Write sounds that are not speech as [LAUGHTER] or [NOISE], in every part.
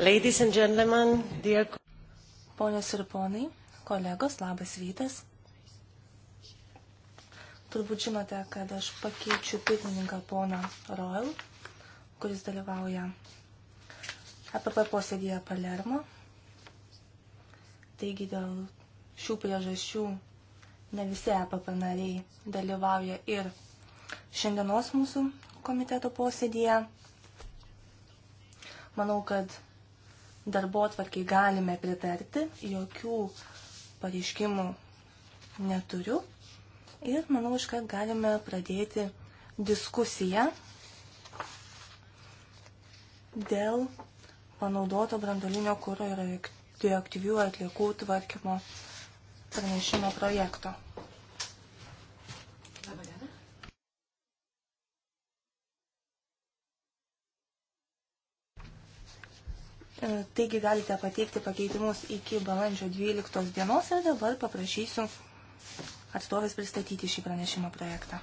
Ladies and gentlemen, dear... Ponios ir ponai, kolegos, labas rytas. Turbūt žinote, kad aš pakeičiu pirmininką poną Royal, kuris dalyvauja APP posėdėje Palermo. Taigi dėl šių priežasčių ne visi APP nariai dalyvauja ir šiandienos mūsų komiteto posėdėje. Manau, kad darbo atvarkiai galime pritarti, jokių pareiškimų neturiu. Ir manau, iškart galime pradėti diskusiją dėl panaudoto brandolinio kūro ir radioaktyvių atliekų tvarkymo pranešimo projekto. E, taigi galite pateikti pakeitimus iki balandžio 12 dienos ir dabar paprašysiu atstovės pristatyti šį pranešimo projektą.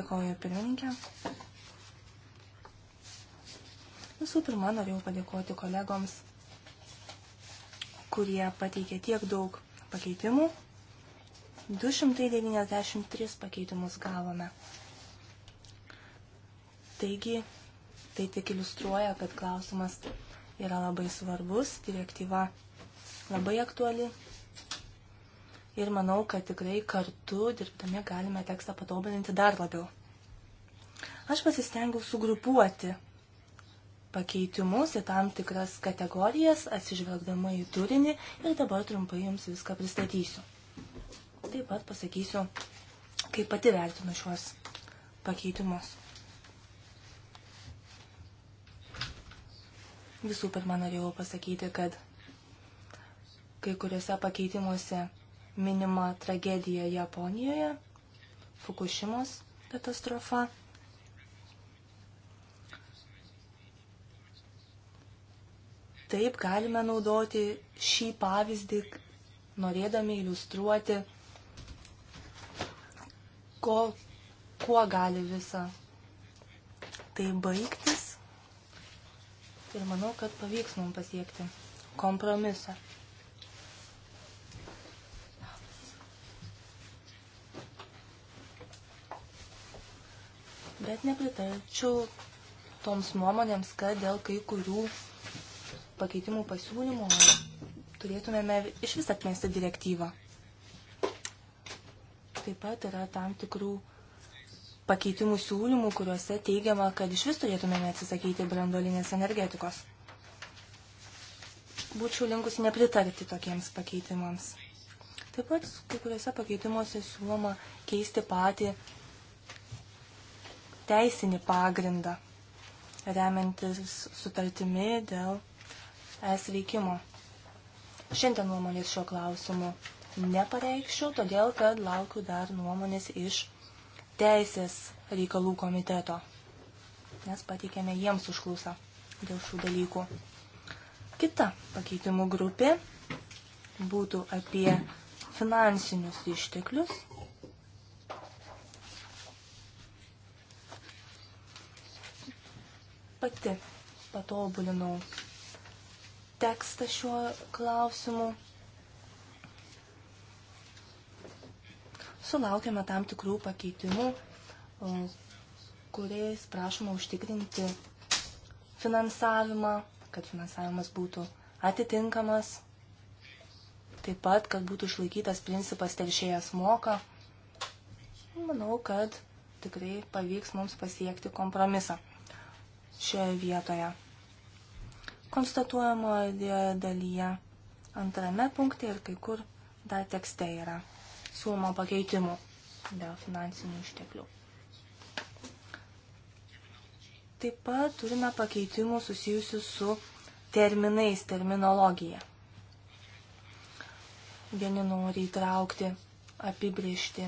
Dėkoju pirmininkė. Visų pirma, norėjau padėkoti kolegoms, kurie pateikė tiek daug pakeitimų. 293 pakeitimus gavome. Taigi, tai tik iliustruoja, kad klausimas yra labai svarbus, direktyva labai aktuali. Ir manau, kad tikrai kartu dirbdami galime tekstą patobulinti dar labiau. Aš pasistengiau sugrupuoti pakeitimus į tam tikras kategorijas, atsižvelgdama į turinį ir dabar trumpai jums viską pristatysiu. Taip pat pasakysiu, kaip pati vertinu šiuos pakeitimus. Visų pirma, norėjau pasakyti, kad kai kuriuose pakeitimuose minima tragedija Japonijoje, Fukushimos katastrofa. Taip galime naudoti šį pavyzdį, norėdami iliustruoti, ko, kuo gali visa tai baigti ir manau, kad pavyks mums pasiekti kompromisą. Bet nepritarčiau toms nuomonėms, kad dėl kai kurių pakeitimų pasiūlymų turėtumėme iš vis atmesti direktyvą. Taip pat yra tam tikrų pakeitimų siūlymų, kuriuose teigiama, kad iš vis turėtumėme atsisakyti brandolinės energetikos. Būčiau linkusi nepritarti tokiems pakeitimams. Taip pat kai kuriuose pakeitimuose siūloma keisti patį teisinį pagrindą, remiantis sutartimi dėl es veikimo. Šiandien nuomonės šiuo klausimu nepareikščiau, todėl kad laukiu dar nuomonės iš teisės reikalų komiteto, nes pateikėme jiems užklausą dėl šių dalykų. Kita pakeitimų grupė būtų apie finansinius išteklius. Pati patobulinau tekstą šiuo klausimu sulaukėme tam tikrų pakeitimų, e, kuriais prašoma užtikrinti finansavimą, kad finansavimas būtų atitinkamas, taip pat, kad būtų išlaikytas principas teršėjas moka. Manau, kad tikrai pavyks mums pasiekti kompromisą šioje vietoje. Konstatuojamoje dalyje antrame punkte ir kai kur dar tekste yra siūlomo pakeitimų dėl finansinių išteklių. Taip pat turime pakeitimų susijusių su terminais, terminologija. Vieni nori įtraukti, apibriežti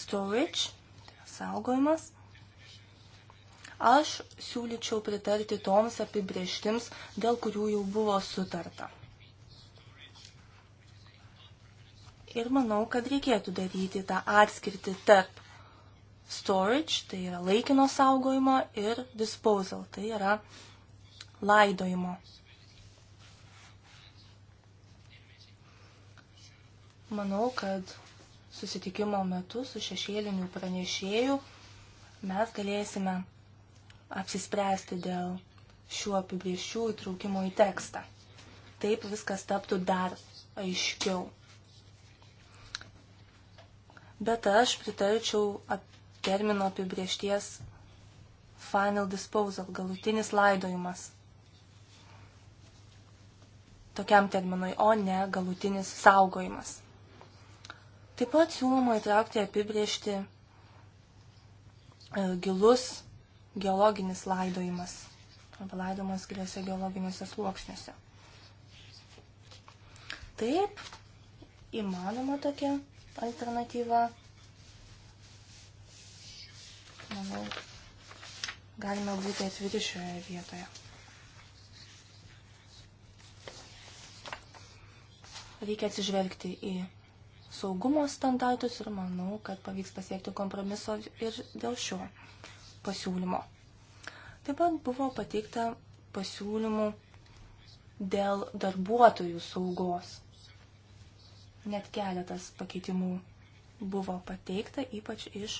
storage, tai saugojimas. Aš siūlyčiau pritarti toms apibrieštims, dėl kurių jau buvo sutarta. ir manau, kad reikėtų daryti tą atskirtį tarp storage, tai yra laikino saugojimo, ir disposal, tai yra laidojimo. Manau, kad susitikimo metu su šešėliniu pranešėju mes galėsime apsispręsti dėl šių apibrieščių įtraukimo į tekstą. Taip viskas taptų dar aiškiau bet aš pritarčiau ap termino apibriešties final disposal, galutinis laidojimas. Tokiam terminui, o ne galutinis saugojimas. Taip pat siūloma įtraukti apibriešti e, gilus geologinis laidojimas arba laidojimas giliuose geologiniuose sluoksniuose. Taip, įmanoma tokia alternatyva. Manau, galime būti atviri šioje vietoje. Reikia atsižvelgti į saugumo standartus ir manau, kad pavyks pasiekti kompromiso ir dėl šio pasiūlymo. Taip pat buvo pateikta pasiūlymų dėl darbuotojų saugos net keletas pakeitimų buvo pateikta, ypač iš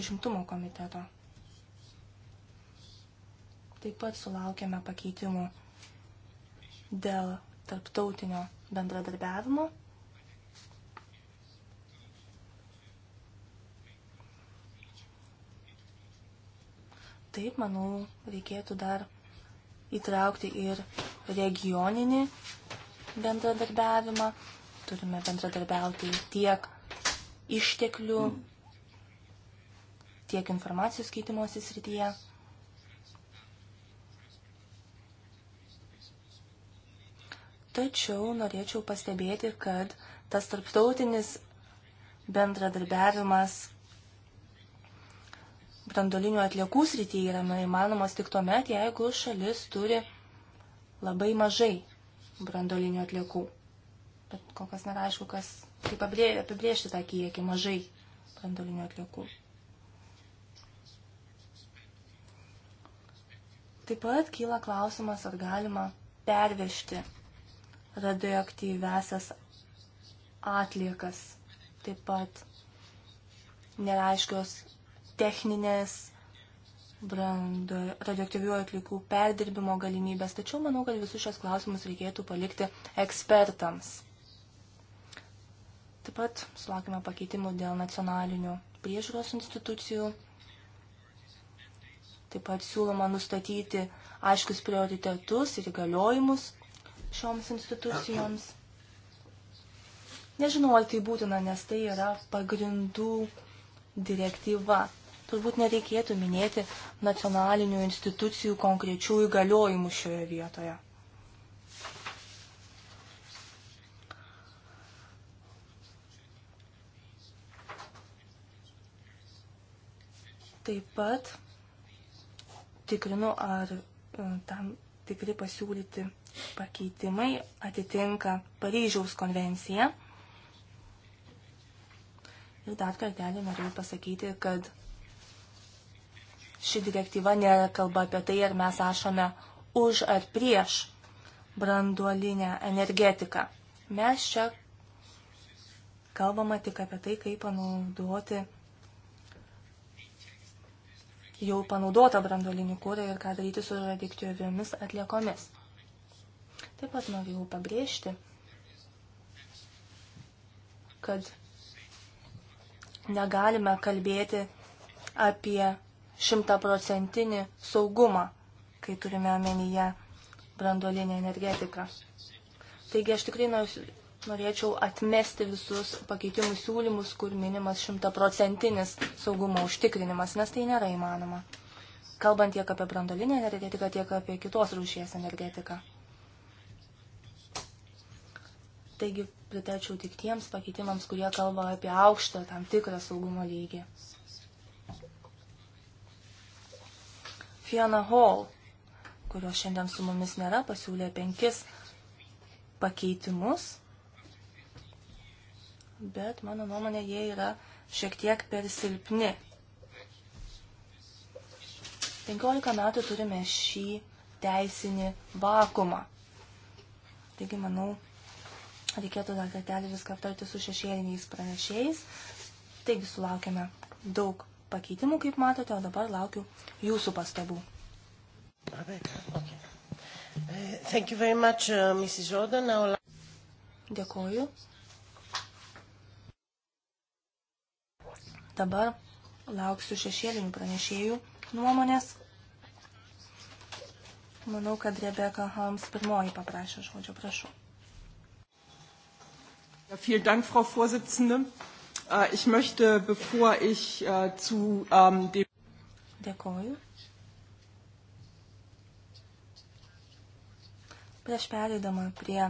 užimtumo komiteto. Taip pat sulaukėme pakeitimų dėl tarptautinio bendradarbiavimo. Taip, manau, reikėtų dar įtraukti ir regioninį bendradarbiavimą, Turime bendradarbiauti tiek išteklių, tiek informacijos keitimosi srityje. Tačiau norėčiau pastebėti, kad tas tarptautinis bendradarbiavimas brandolinių atliekų srityje yra įmanomas tik tuomet, jeigu šalis turi labai mažai brandolinių atliekų bet kol kas nėra aišku, kas, kaip apibriežti tą kiekį mažai brandolinių atliekų. Taip pat kyla klausimas, ar galima pervežti radioaktyvesias atliekas. Taip pat neaiškios techninės brando, radioaktyvių atlikų perdirbimo galimybės, tačiau manau, kad visus šios klausimus reikėtų palikti ekspertams. Taip pat sulaukime pakeitimų dėl nacionalinių priežiūros institucijų. Taip pat siūloma nustatyti aiškus prioritetus ir įgaliojimus šioms institucijoms. Nežinau, ar tai būtina, nes tai yra pagrindų direktyva. Turbūt nereikėtų minėti nacionalinių institucijų konkrečių įgaliojimų šioje vietoje. Taip pat tikrinu, ar e, tam tikri pasiūlyti pakeitimai atitinka Paryžiaus konvenciją. Ir dar kartelį norėjau pasakyti, kad ši direktyva nėra kalba apie tai, ar mes ašome už ar prieš branduolinę energetiką. Mes čia kalbama tik apie tai, kaip panaudoti jau panaudotą brandolinį kūrą ir ką daryti su radioaktyviomis atliekomis. Taip pat noriu pabrėžti, kad negalime kalbėti apie šimtaprocentinį saugumą, kai turime omenyje brandolinę energetiką. Taigi aš tikrai noriu norėčiau atmesti visus pakeitimų siūlymus, kur minimas šimtaprocentinis saugumo užtikrinimas, nes tai nėra įmanoma. Kalbant tiek apie brandolinę energetiką, tiek apie kitos rūšies energetiką. Taigi pritarčiau tik tiems pakeitimams, kurie kalba apie aukštą tam tikrą saugumo lygį. Fiona Hall, kurios šiandien su mumis nėra, pasiūlė penkis pakeitimus bet mano nuomonė jie yra šiek tiek per silpni. 15 metų turime šį teisinį vakumą. Taigi, manau, reikėtų dar kartelį viską aptarti su šešėliniais pranešėjais. Taigi, sulaukėme daug pakeitimų, kaip matote, o dabar laukiu jūsų pastabų. Uh, Dėkoju. Dabar lauksiu šešėlinių pranešėjų nuomonės. Manau, kad Rebeka Holmes pirmoji paprašė žodžio, prašau. Ja, vielen Dank, Frau Vorsitzende. Uh, ich möchte, bevor ich uh, zu um, dem. Dėkoju. Prieš pereidama prie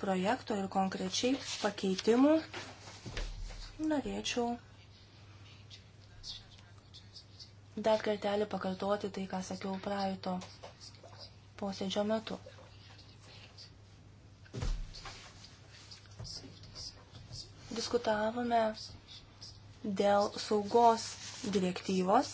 projekto ir konkrečiai pakeitimų norėčiau dar kartelį pakartoti tai, ką sakiau praeito posėdžio metu. Diskutavome dėl saugos direktyvos.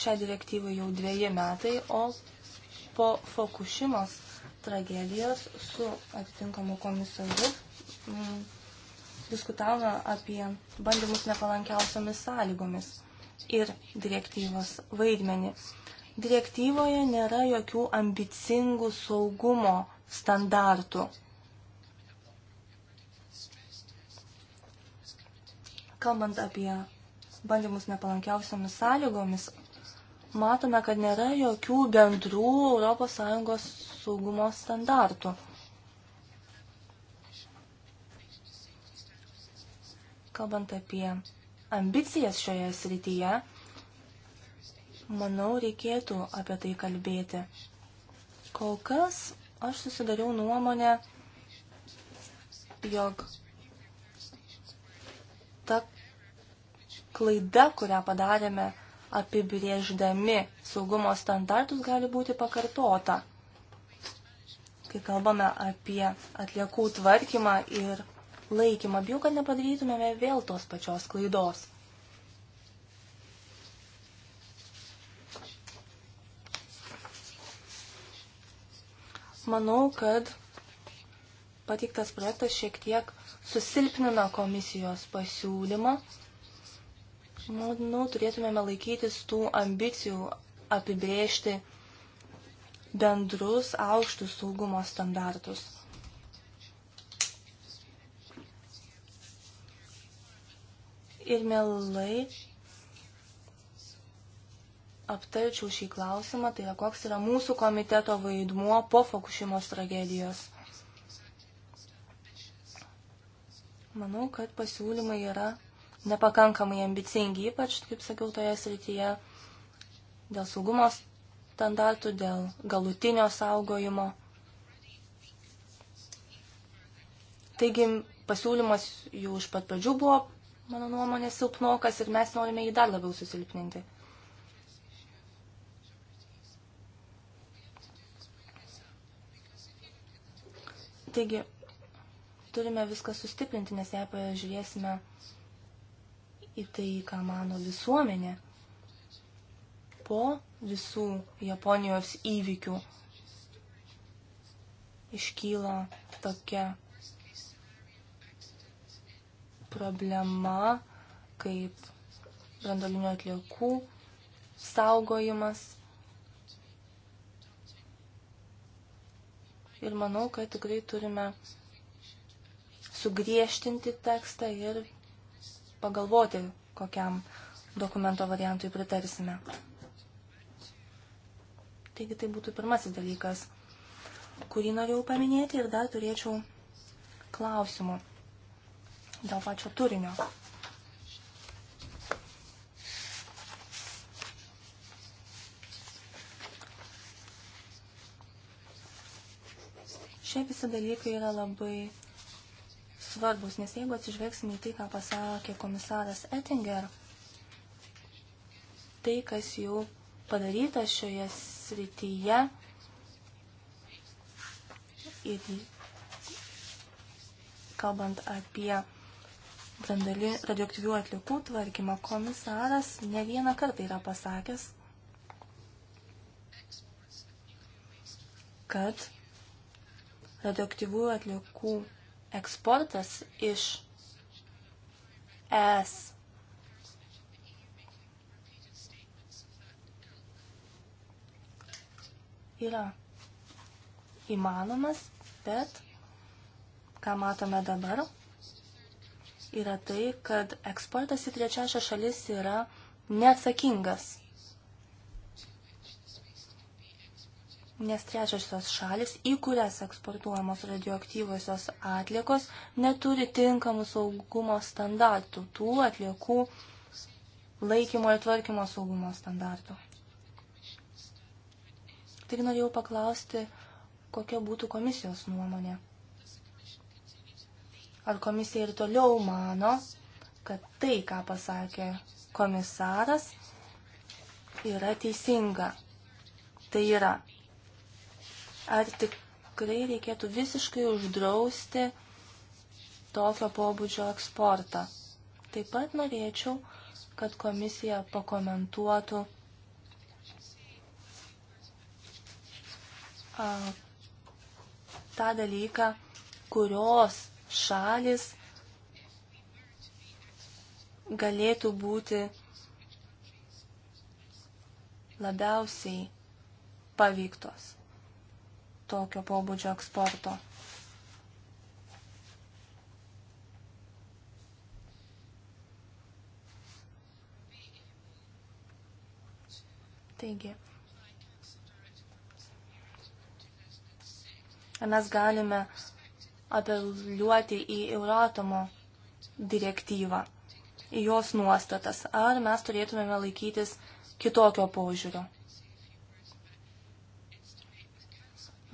Šią direktyvą jau dviejai metai, o po Fukushimos tragedijos su atitinkamu komisaru mm, diskutavome apie bandymus nepalankiausiamis sąlygomis ir direktyvos vaidmenį. Direktyvoje nėra jokių ambicingų saugumo standartų. Kalbant apie bandymus nepalankiausiamis sąlygomis, matome, kad nėra jokių bendrų ES saugumo standartų. Kalbant apie ambicijas šioje srityje, manau, reikėtų apie tai kalbėti. Kol kas aš susidariau nuomonę, jog ta klaida, kurią padarėme apibrėždami saugumo standartus gali būti pakartota. Kai kalbame apie atliekų tvarkymą ir laikymą, bijau, kad nepadarytumėme vėl tos pačios klaidos. Manau, kad pateiktas projektas šiek tiek susilpnina komisijos pasiūlymą Manau, turėtumėme laikytis tų ambicijų apibrėžti bendrus aukštus saugumo standartus. Ir mielai aptarčiau šį klausimą, tai yra koks yra mūsų komiteto vaidmuo po Fukushimos tragedijos. Manau, kad pasiūlymai yra nepakankamai ambicingi, ypač, kaip sakiau, toje srityje dėl saugumo standartų, dėl galutinio saugojimo. Taigi pasiūlymas jau iš pat pradžių buvo, mano nuomonė, silpnokas ir mes norime jį dar labiau susilpninti. Taigi, turime viską sustiprinti, nes jei pažiūrėsime į tai, ką mano visuomenė po visų Japonijos įvykių iškyla tokia problema kaip brandolinių atliekų saugojimas. Ir manau, kad tikrai turime sugriežtinti tekstą ir pagalvoti, kokiam dokumento variantui pritarsime. Taigi tai būtų pirmasis dalykas, kurį norėjau paminėti ir dar turėčiau klausimų dėl pačio turinio. Šie visi dalykai yra labai svarbus, nes jeigu atsižvelgsime į tai, ką pasakė komisaras Ettinger, tai, kas jau padaryta šioje srityje ir kalbant apie brandali, radioaktyvių atlikų tvarkymą, komisaras ne vieną kartą yra pasakęs, kad radioaktyvių atlikų eksportas iš ES yra įmanomas, bet ką matome dabar, yra tai, kad eksportas į trečiąsią šalis yra neatsakingas. nes trečiosios šalis, į kurias eksportuojamos radioaktyvosios atliekos, neturi tinkamų saugumo standartų, tų atliekų laikymo ir tvarkymo saugumo standartų. Tik norėjau paklausti, kokia būtų komisijos nuomonė. Ar komisija ir toliau mano, kad tai, ką pasakė komisaras, yra teisinga. Tai yra, ar tikrai reikėtų visiškai uždrausti tokio pobūdžio eksportą. Taip pat norėčiau, kad komisija pakomentuotų a, tą dalyką, kurios šalis galėtų būti labiausiai paveiktos tokio pobūdžio eksporto. Taigi, mes galime apeliuoti į Euratomo direktyvą, į jos nuostatas, ar mes turėtumėme laikytis kitokio paužiūrio.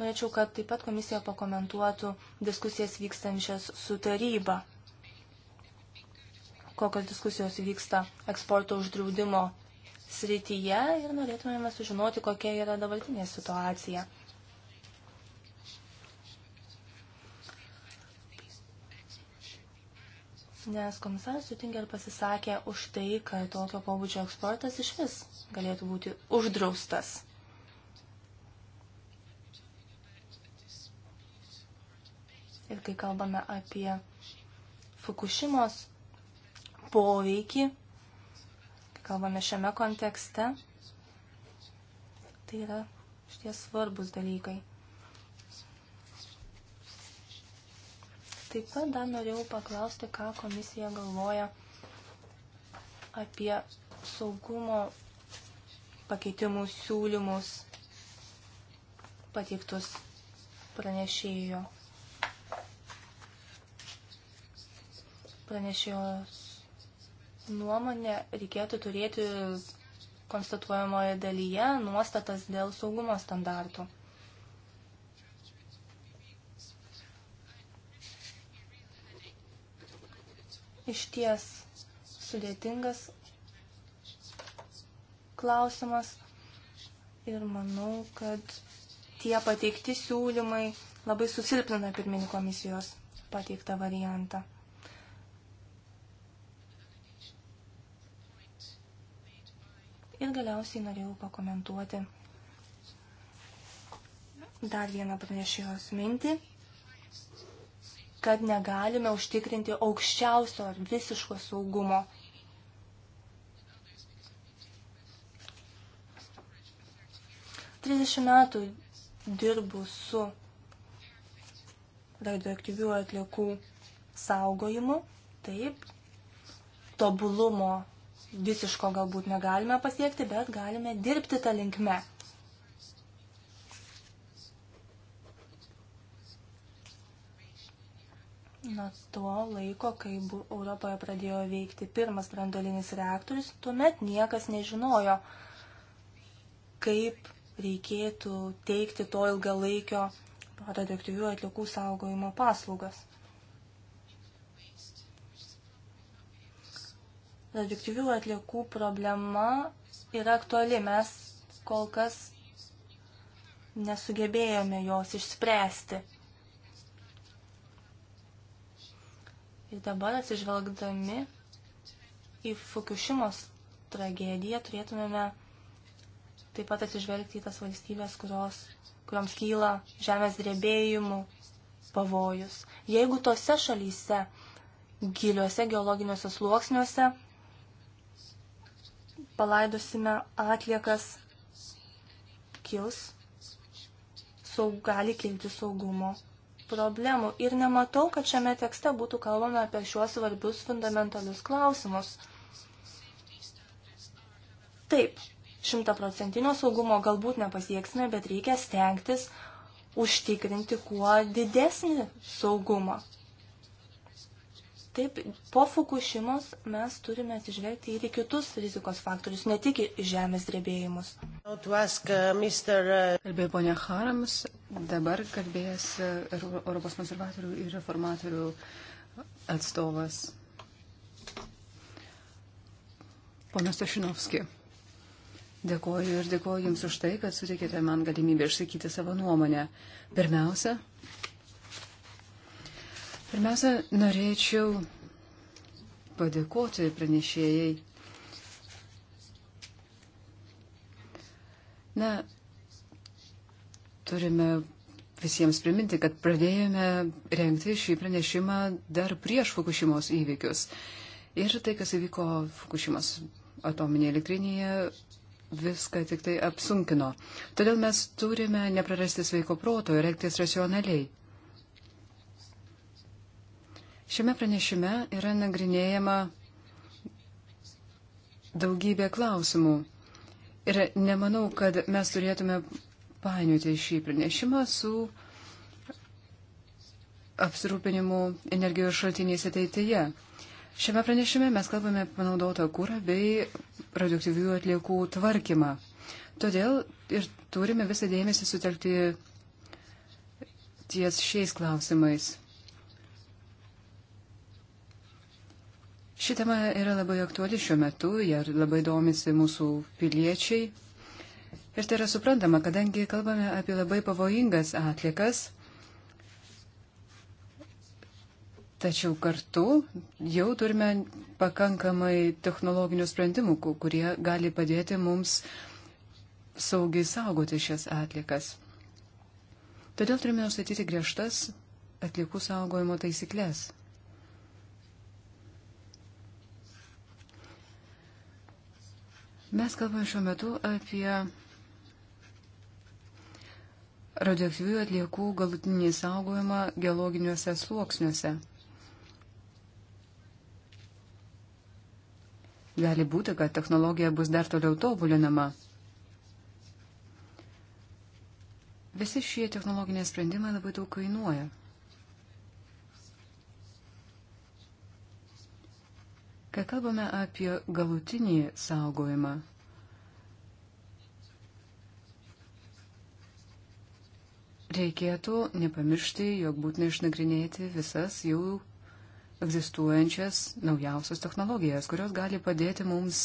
Norėčiau, kad taip pat komisija pakomentuotų diskusijas vykstančias su taryba. Kokios diskusijos vyksta eksporto uždraudimo srityje ir norėtumėme sužinoti, kokia yra dabartinė situacija. Nes komisaras Sutinger pasisakė už tai, kad tokio pobūdžio eksportas iš vis galėtų būti uždraustas. ir kai kalbame apie Fukushimos poveikį, kalbame šiame kontekste, tai yra šitie svarbus dalykai. Taip pat dar norėjau paklausti, ką komisija galvoja apie saugumo pakeitimų siūlymus pateiktus pranešėjo. Pranešėjos nuomonė reikėtų turėti konstatuojamoje dalyje nuostatas dėl saugumo standartų. Išties sudėtingas klausimas ir manau, kad tie pateikti siūlymai labai susilpnina pirminį komisijos pateiktą variantą. Ir galiausiai norėjau pakomentuoti dar vieną pranešėjos mintį, kad negalime užtikrinti aukščiausio ar visiško saugumo. Trisdešimt metų dirbu su radioaktyvių atliekų saugojimu, taip, tobulumo visiško galbūt negalime pasiekti, bet galime dirbti tą linkme. Nuo to laiko, kai Europoje pradėjo veikti pirmas brandolinis reaktorius, tuomet niekas nežinojo, kaip reikėtų teikti to ilgalaikio radioaktyvių atliekų saugojimo paslaugas. radioaktyvių atliekų problema yra aktuali. Mes kol kas nesugebėjome jos išspręsti. Ir dabar atsižvelgdami į Fukushimos tragediją turėtumėme taip pat atsižvelgti į tas valstybės, kurios, kuriams kyla žemės drebėjimų pavojus. Jeigu tose šalyse giliuose geologiniuose sluoksniuose palaidosime atliekas, kils, saug, gali kilti saugumo problemų. Ir nematau, kad šiame tekste būtų kalbama apie šiuos svarbius fundamentalius klausimus. Taip, šimtaprocentinio saugumo galbūt nepasieksime, bet reikia stengtis užtikrinti kuo didesnį saugumą. Taip, po Fukushimos mes turime atsižvelgti ir į kitus rizikos faktorius, ne tik į žemės drebėjimus. Kalbėjo ponia Harams, dabar kalbėjęs Europos konservatorių ir reformatorių atstovas. Ponas Tašinovski, dėkoju ir dėkoju Jums už tai, kad sutikėte man galimybę išsakyti savo nuomonę. Pirmiausia, Pirmiausia, norėčiau padėkoti pranešėjai. Na, turime visiems priminti, kad pradėjome renkti šį pranešimą dar prieš Fukushimos įvykius. Ir tai, kas įvyko Fukushimos atominėje elektrinėje, viską tik tai apsunkino. Todėl mes turime neprarasti sveiko proto ir elgtis racionaliai. Šiame pranešime yra nagrinėjama daugybė klausimų. Ir nemanau, kad mes turėtume painioti šį pranešimą su apsirūpinimu energijos šaltiniais ateityje. Šiame pranešime mes kalbame panaudotą kūrą bei radioaktyvių atliekų tvarkymą. Todėl ir turime visą dėmesį sutelkti ties šiais klausimais. Ši tema yra labai aktuali šiuo metu, jie labai domisi mūsų piliečiai. Ir tai yra suprantama, kadangi kalbame apie labai pavojingas atlikas, tačiau kartu jau turime pakankamai technologinių sprendimų, kurie gali padėti mums saugiai saugoti šias atlikas. Todėl turime nustatyti griežtas atlikų saugojimo taisyklės. Mes kalbame šiuo metu apie radioaktyvių atliekų galutinį saugojimą geologiniuose sluoksniuose. Gali būti, kad technologija bus dar toliau tobulinama. Visi šie technologiniai sprendimai labai daug kainuoja. Kai kalbame apie galutinį saugojimą, reikėtų nepamiršti, jog būtina išnagrinėti visas jau egzistuojančias naujausias technologijas, kurios gali padėti mums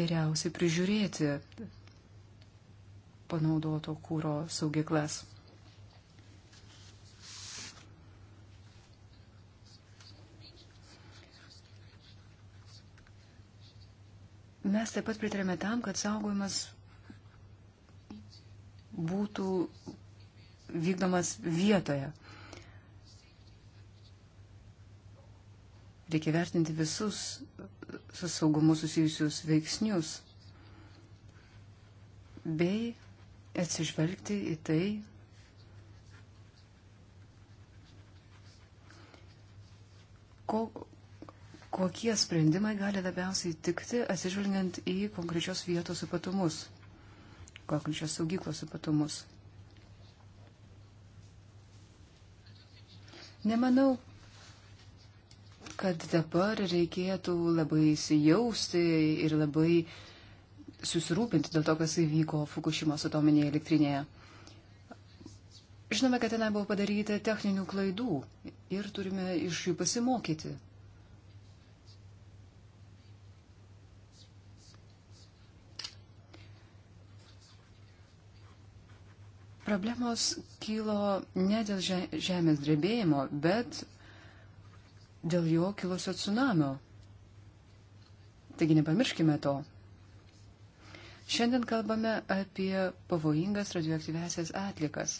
geriausiai prižiūrėti panaudoto kūro saugiklas. Mes taip pat pritarėme tam, kad saugojimas būtų vykdomas vietoje. Reikia vertinti visus su saugumu susijusius veiksnius bei atsižvelgti į tai, ko, kokie sprendimai gali labiausiai tikti atsižvelgiant į konkrečios vietos ypatumus, konkrečios saugyklos ypatumus. Nemanau, kad dabar reikėtų labai įsijausti ir labai susirūpinti dėl to, kas įvyko Fukushimos atominėje elektrinėje. Žinome, kad tenai buvo padaryta techninių klaidų ir turime iš jų pasimokyti. Problemos kilo ne dėl žemės drebėjimo, bet dėl jo kilusio tsunamio. Taigi nepamirškime to. Šiandien kalbame apie pavojingas radioaktyvesias atlikas.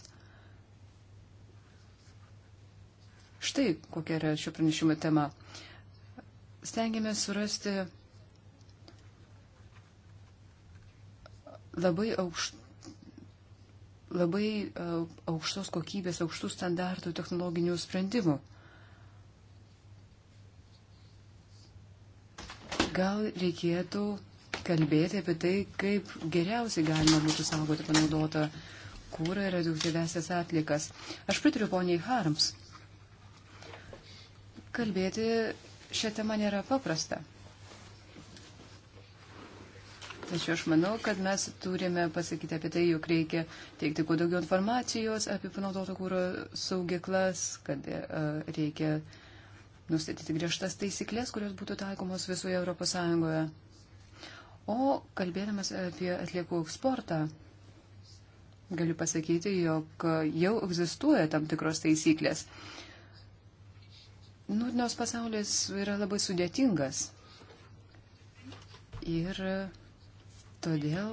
Štai kokia yra šio pranešimo tema. Stengiamės surasti labai aukštų labai e, aukštos kokybės, aukštų standartų technologinių sprendimų. Gal reikėtų kalbėti apie tai, kaip geriausiai galima būtų saugoti panaudotą kūrą ir radioaktyvesias atlikas. Aš pritariu poniai Harms. Kalbėti šią temą nėra paprasta. Tačiau aš manau, kad mes turime pasakyti apie tai, jog reikia teikti kuo daugiau informacijos apie panaudoto kūro saugiklas, kad uh, reikia nustatyti griežtas taisyklės, kurios būtų taikomos visoje Europos Sąjungoje. O kalbėdamas apie atliekų eksportą, galiu pasakyti, jog jau egzistuoja tam tikros taisyklės. Nūdienos pasaulis yra labai sudėtingas. Ir Todėl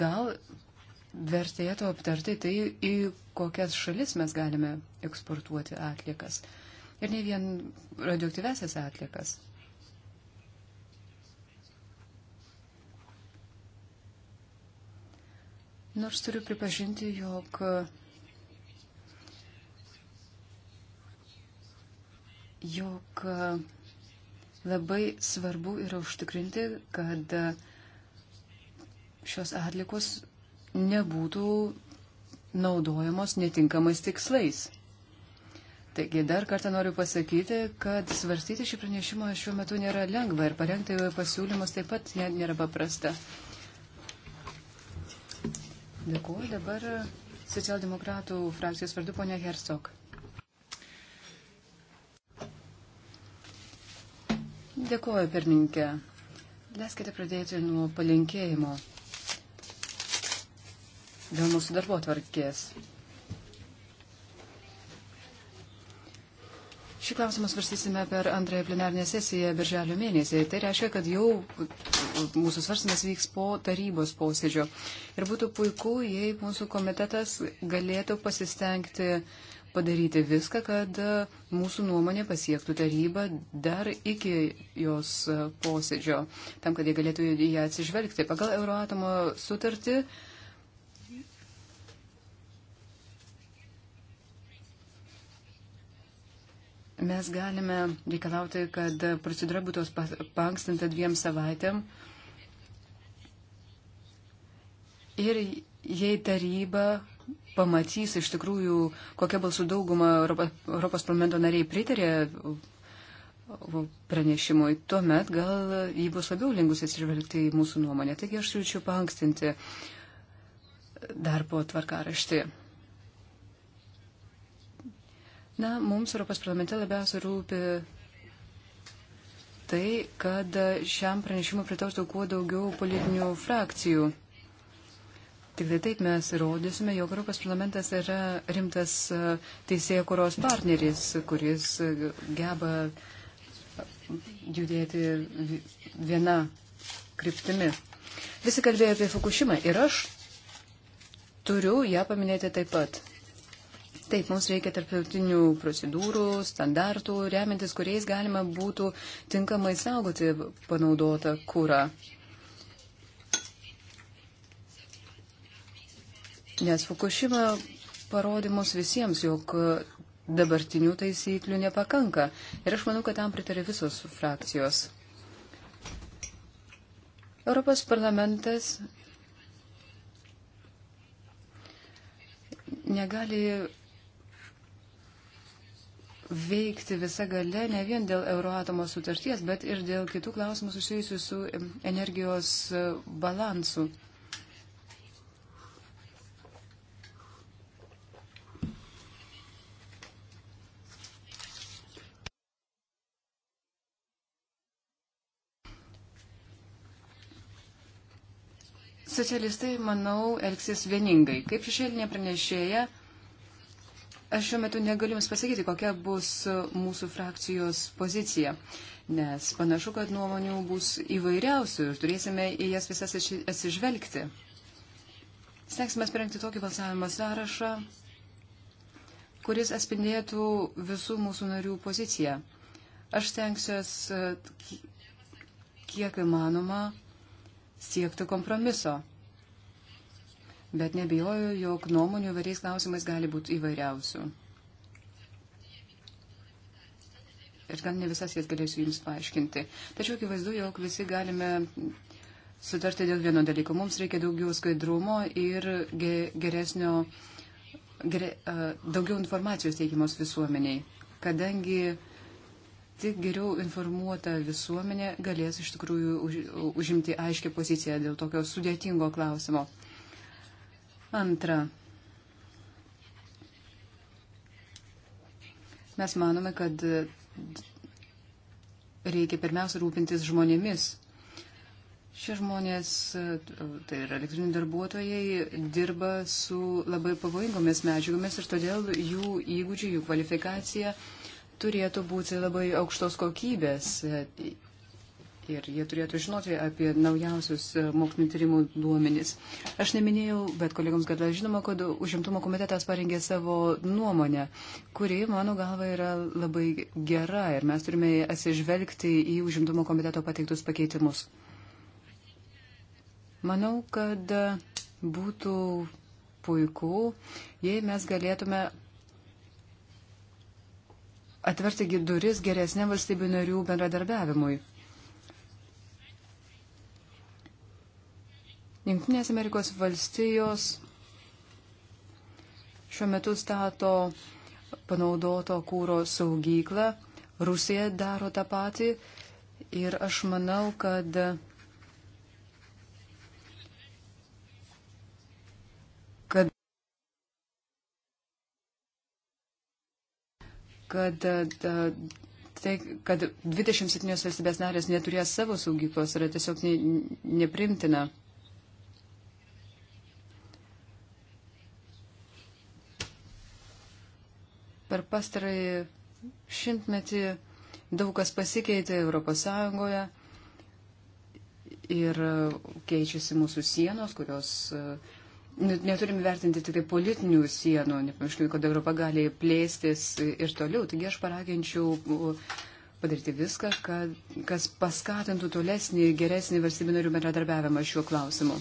gal vertėtų aptarti tai, į kokias šalis mes galime eksportuoti atlikas. Ir ne vien radioaktyvesias atlikas. Nors turiu pripažinti, jog jog Labai svarbu yra užtikrinti, kad šios atlikos nebūtų naudojamos netinkamais tikslais. Taigi dar kartą noriu pasakyti, kad svarstyti šį pranešimą šiuo metu nėra lengva ir parengti pasiūlymus taip pat nėra paprasta. Dėkuoju dabar socialdemokratų frakcijos vardu ponia Hersok. Dėkuoju, pirmininkė. Leiskite pradėti nuo palinkėjimo dėl mūsų darbo tvarkės. Šį klausimą svarstysime per antrąją plenarnę sesiją birželio mėnesį. Tai reiškia, kad jau mūsų svarstymas vyks po tarybos posėdžio. Ir būtų puiku, jei mūsų komitetas galėtų pasistengti padaryti viską, kad e, mūsų nuomonė pasiektų tarybą dar iki jos e, posėdžio, tam, kad jie galėtų į ją atsižvelgti. Pagal Euroatomo sutartį mes galime reikalauti, kad procedūra būtų pankstinta dviem savaitėm. Ir jei taryba pamatys iš tikrųjų, kokia balsų dauguma Europos, Europos parlamento nariai pritarė pranešimui, tuomet gal jį bus labiau linkus atsižvelgti į mūsų nuomonę. Taigi aš siūlyčiau pankstinti darbo tvarkaraštį. Na, mums Europos parlamente labiausiai rūpi tai, kad šiam pranešimui pritartų kuo daugiau politinių frakcijų. Tik tai taip mes įrodysime, jog Europos parlamentas yra rimtas e, teisėjų kuros partneris, kuris e, geba judėti viena kryptimi. Visi kalbėjo apie Fukushimą ir aš turiu ją paminėti taip pat. Taip, mums reikia tarptautinių procedūrų, standartų, remintis kuriais galima būtų tinkamai saugoti panaudotą kūrą. Nes Fukushima parodymus visiems, jog dabartinių taisyklių nepakanka. Ir aš manau, kad tam pritarė visos frakcijos. Europos parlamentas negali veikti visą galę ne vien dėl Euroatomo sutarties, bet ir dėl kitų klausimų susijusių su energijos balansu. Socialistai, manau, elgsis vieningai. Kaip šešėlinė pranešėja, aš šiuo metu negaliu Jums pasakyti, kokia bus mūsų frakcijos pozicija, nes panašu, kad nuomonių bus įvairiausių ir turėsime į jas visas atsižvelgti. Stengsime parengti tokį balsavimo sąrašą, kuris atspindėtų visų mūsų narių poziciją. Aš stengsiuos e, kiek įmanoma siekti kompromiso. Bet nebijoju, jog nuomonių įvairiais klausimais gali būti įvairiausių. Ir gal ne visas jas galėsiu Jums paaiškinti. Tačiau akivaizdu, jog visi galime sutarti dėl vieno dalyko. Mums reikia daugiau skaidrumo ir geresnio, gere, daugiau informacijos teikimos visuomeniai. Kadangi tik geriau informuota visuomenė galės iš tikrųjų už, užimti aiškę poziciją dėl tokio sudėtingo klausimo. Antra. Mes manome, kad reikia pirmiausia rūpintis žmonėmis. Šie žmonės, tai yra elektrinių darbuotojai, dirba su labai pavojingomis medžiagomis ir todėl jų įgūdžiai, jų kvalifikacija uh, turėtų būti labai aukštos kokybės e, ir jie turėtų žinoti apie naujausius e, mokslinio tyrimų duomenys. Aš neminėjau, bet kolegoms gada žinoma, kad užimtumo komitetas parengė savo nuomonę, kuri, mano galva, yra labai gera ir mes turime atsižvelgti į užimtumo komiteto pateiktus pakeitimus. Manau, kad būtų puiku, jei mes galėtume atverti duris geresnė valstybių narių bendradarbiavimui. Junktinės Amerikos valstijos šiuo metu stato panaudoto kūro saugyklą, Rusija daro tą patį ir aš manau, kad kad, e, tai, kad 27 valstybės narės neturės savo saugyklos yra tiesiog ne, neprimtina. Per pastarąjį šimtmetį daug kas pasikeitė Europos Sąjungoje ir keičiasi mūsų sienos, kurios uh, neturime vertinti tik tai politinių sienų, nepamirškime, kad Europa gali plėstis ir toliau. Taigi aš paraginčiau padaryti viską, kad, kas paskatintų tolesnį ir geresnį valstybių narių bendradarbiavimą šiuo klausimu.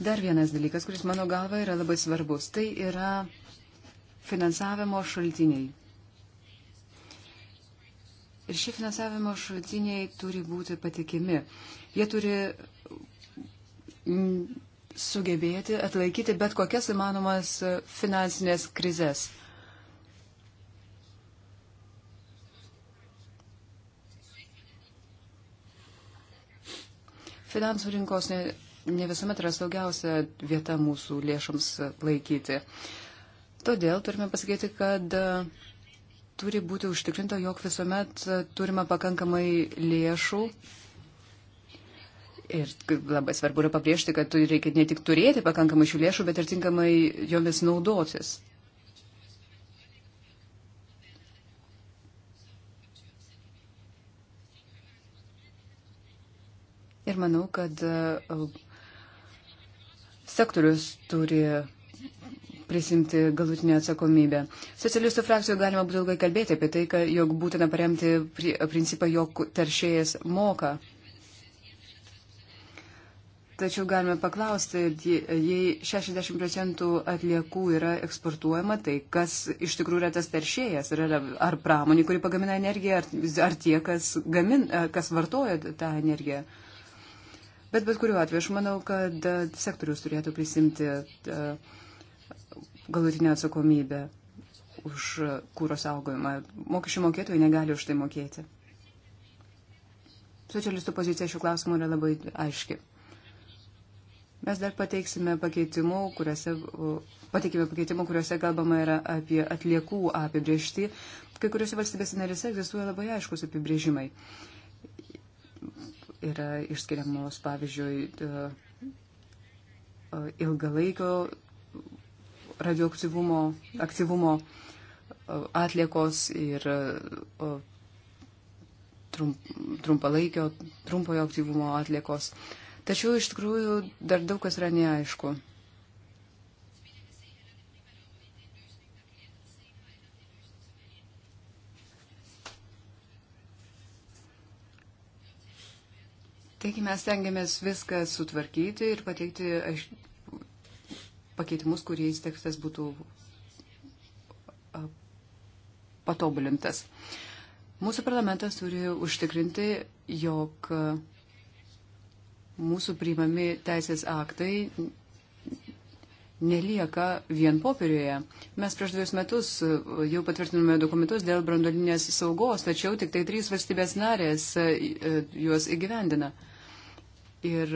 Dar vienas dalykas, kuris mano galva yra labai svarbus, tai yra finansavimo šaltiniai. Ir šie finansavimo šaltiniai turi būti patikimi. Jie turi sugebėti atlaikyti bet kokias įmanomas e, finansinės krizės. Finansų rinkos ne, ne visuomet yra saugiausia vieta mūsų lėšams laikyti. Todėl turime pasakyti, kad e, turi būti užtikrinta, jog visuomet e, turime pakankamai lėšų Ir labai svarbu yra pabrėžti, kad reikia ne tik turėti pakankamai šių lėšų, bet ir tinkamai jomis naudotis. Ir manau, kad e, sektorius turi prisimti galutinę atsakomybę. Socialistų frakcijoje galima būtų ilgai kalbėti apie tai, kad, jog būtina paremti principą, jog taršėjas moka. Tačiau galime paklausti, jei 60 procentų atliekų yra eksportuojama, tai kas iš tikrųjų yra tas teršėjas? Ar, ar pramonė, kuri pagamina energiją, ar, ar tie, kas, gamin, kas vartoja tą energiją? Bet bet kuriuo atveju aš manau, kad sektorius turėtų prisimti galutinę atsakomybę už kūro saugojimą. Mokesčių mokėtojai negali už tai mokėti. Socialistų pozicija šiuo klausimu yra labai aiški. Mes dar pateiksime pakeitimų, kuriuose, pateikime pakeitimų, kuriuose kalbama yra apie atliekų apibriežti. Kai kuriuose valstybės narėse egzistuoja labai aiškus apibrėžimai. Yra išskiriamos, pavyzdžiui, e, ilgalaikio radioaktyvumo aktyvumo e, atliekos ir e, trumpalaikio, trumpojo aktyvumo atliekos. Tačiau iš tikrųjų dar daug kas yra neaišku. Taigi mes tengiamės viską sutvarkyti ir pateikti aš, pakeitimus, kuriais tekstas būtų patobulintas. Mūsų parlamentas turi užtikrinti, jog uh, mūsų priimami teisės aktai nelieka vien popieriuje. Mes prieš dviejus metus e, jau patvirtinome dokumentus dėl brandolinės saugos, tačiau tik tai trys valstybės narės e, e, juos įgyvendina. Ir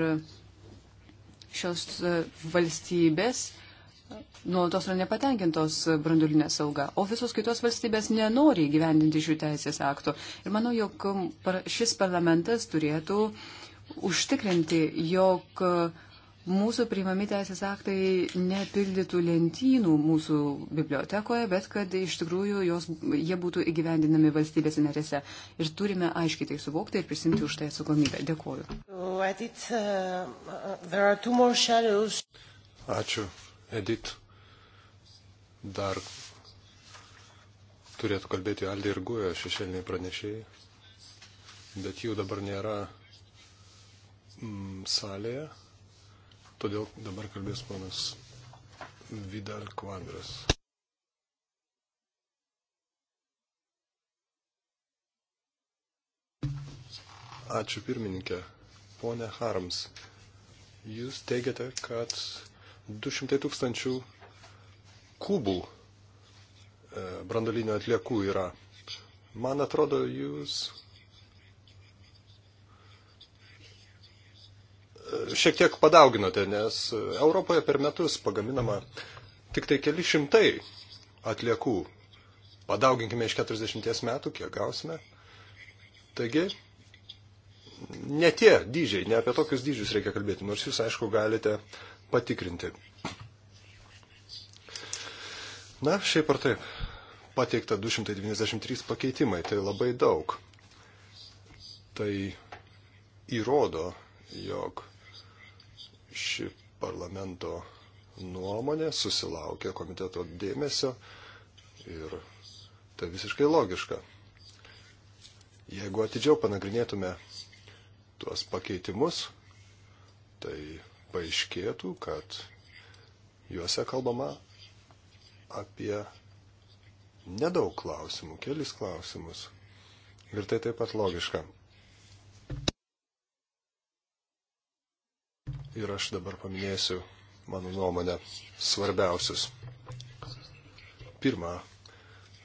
šios valstybės nuolatos yra nepatenkintos brandulinė sauga, o visos kitos valstybės nenori gyvendinti šių teisės aktų. Ir manau, jog šis parlamentas turėtų uh, užtikrinti, jog mūsų priimami teisės aktai nepildytų lentynų mūsų bibliotekoje, bet kad iš tikrųjų jos, jie būtų įgyvendinami valstybės narėse. Ir turime aiškiai tai suvokti ir prisimti už tai atsakomybę. Dėkuoju. Ačiū, Edit. Dar turėtų kalbėti Aldė ir Guja, šešėliniai pranešėjai, bet jų dabar nėra Mm, salėje, todėl dabar kalbės ponas Vidal Kvadras. Ačiū pirmininkė. Pone Harms, jūs teigiate, kad 200 tūkstančių kubų e, brandolinio atliekų yra. Man atrodo, jūs šiek tiek padauginote, nes Europoje per metus pagaminama tik tai keli šimtai atliekų. Padauginkime iš 40 metų, kiek gausime. Taigi, ne tie dydžiai, ne apie tokius dydžius reikia kalbėti, nors jūs, aišku, galite patikrinti. Na, šiaip ar taip, pateikta 293 pakeitimai, tai labai daug. Tai įrodo, jog ši parlamento nuomonė susilaukė komiteto dėmesio ir tai visiškai logiška. Jeigu atidžiau panagrinėtume tuos pakeitimus, tai paaiškėtų, kad juose kalbama apie nedaug klausimų, kelis klausimus. Ir tai taip pat logiška. ir aš dabar paminėsiu, mano nuomonę, svarbiausius. Pirma,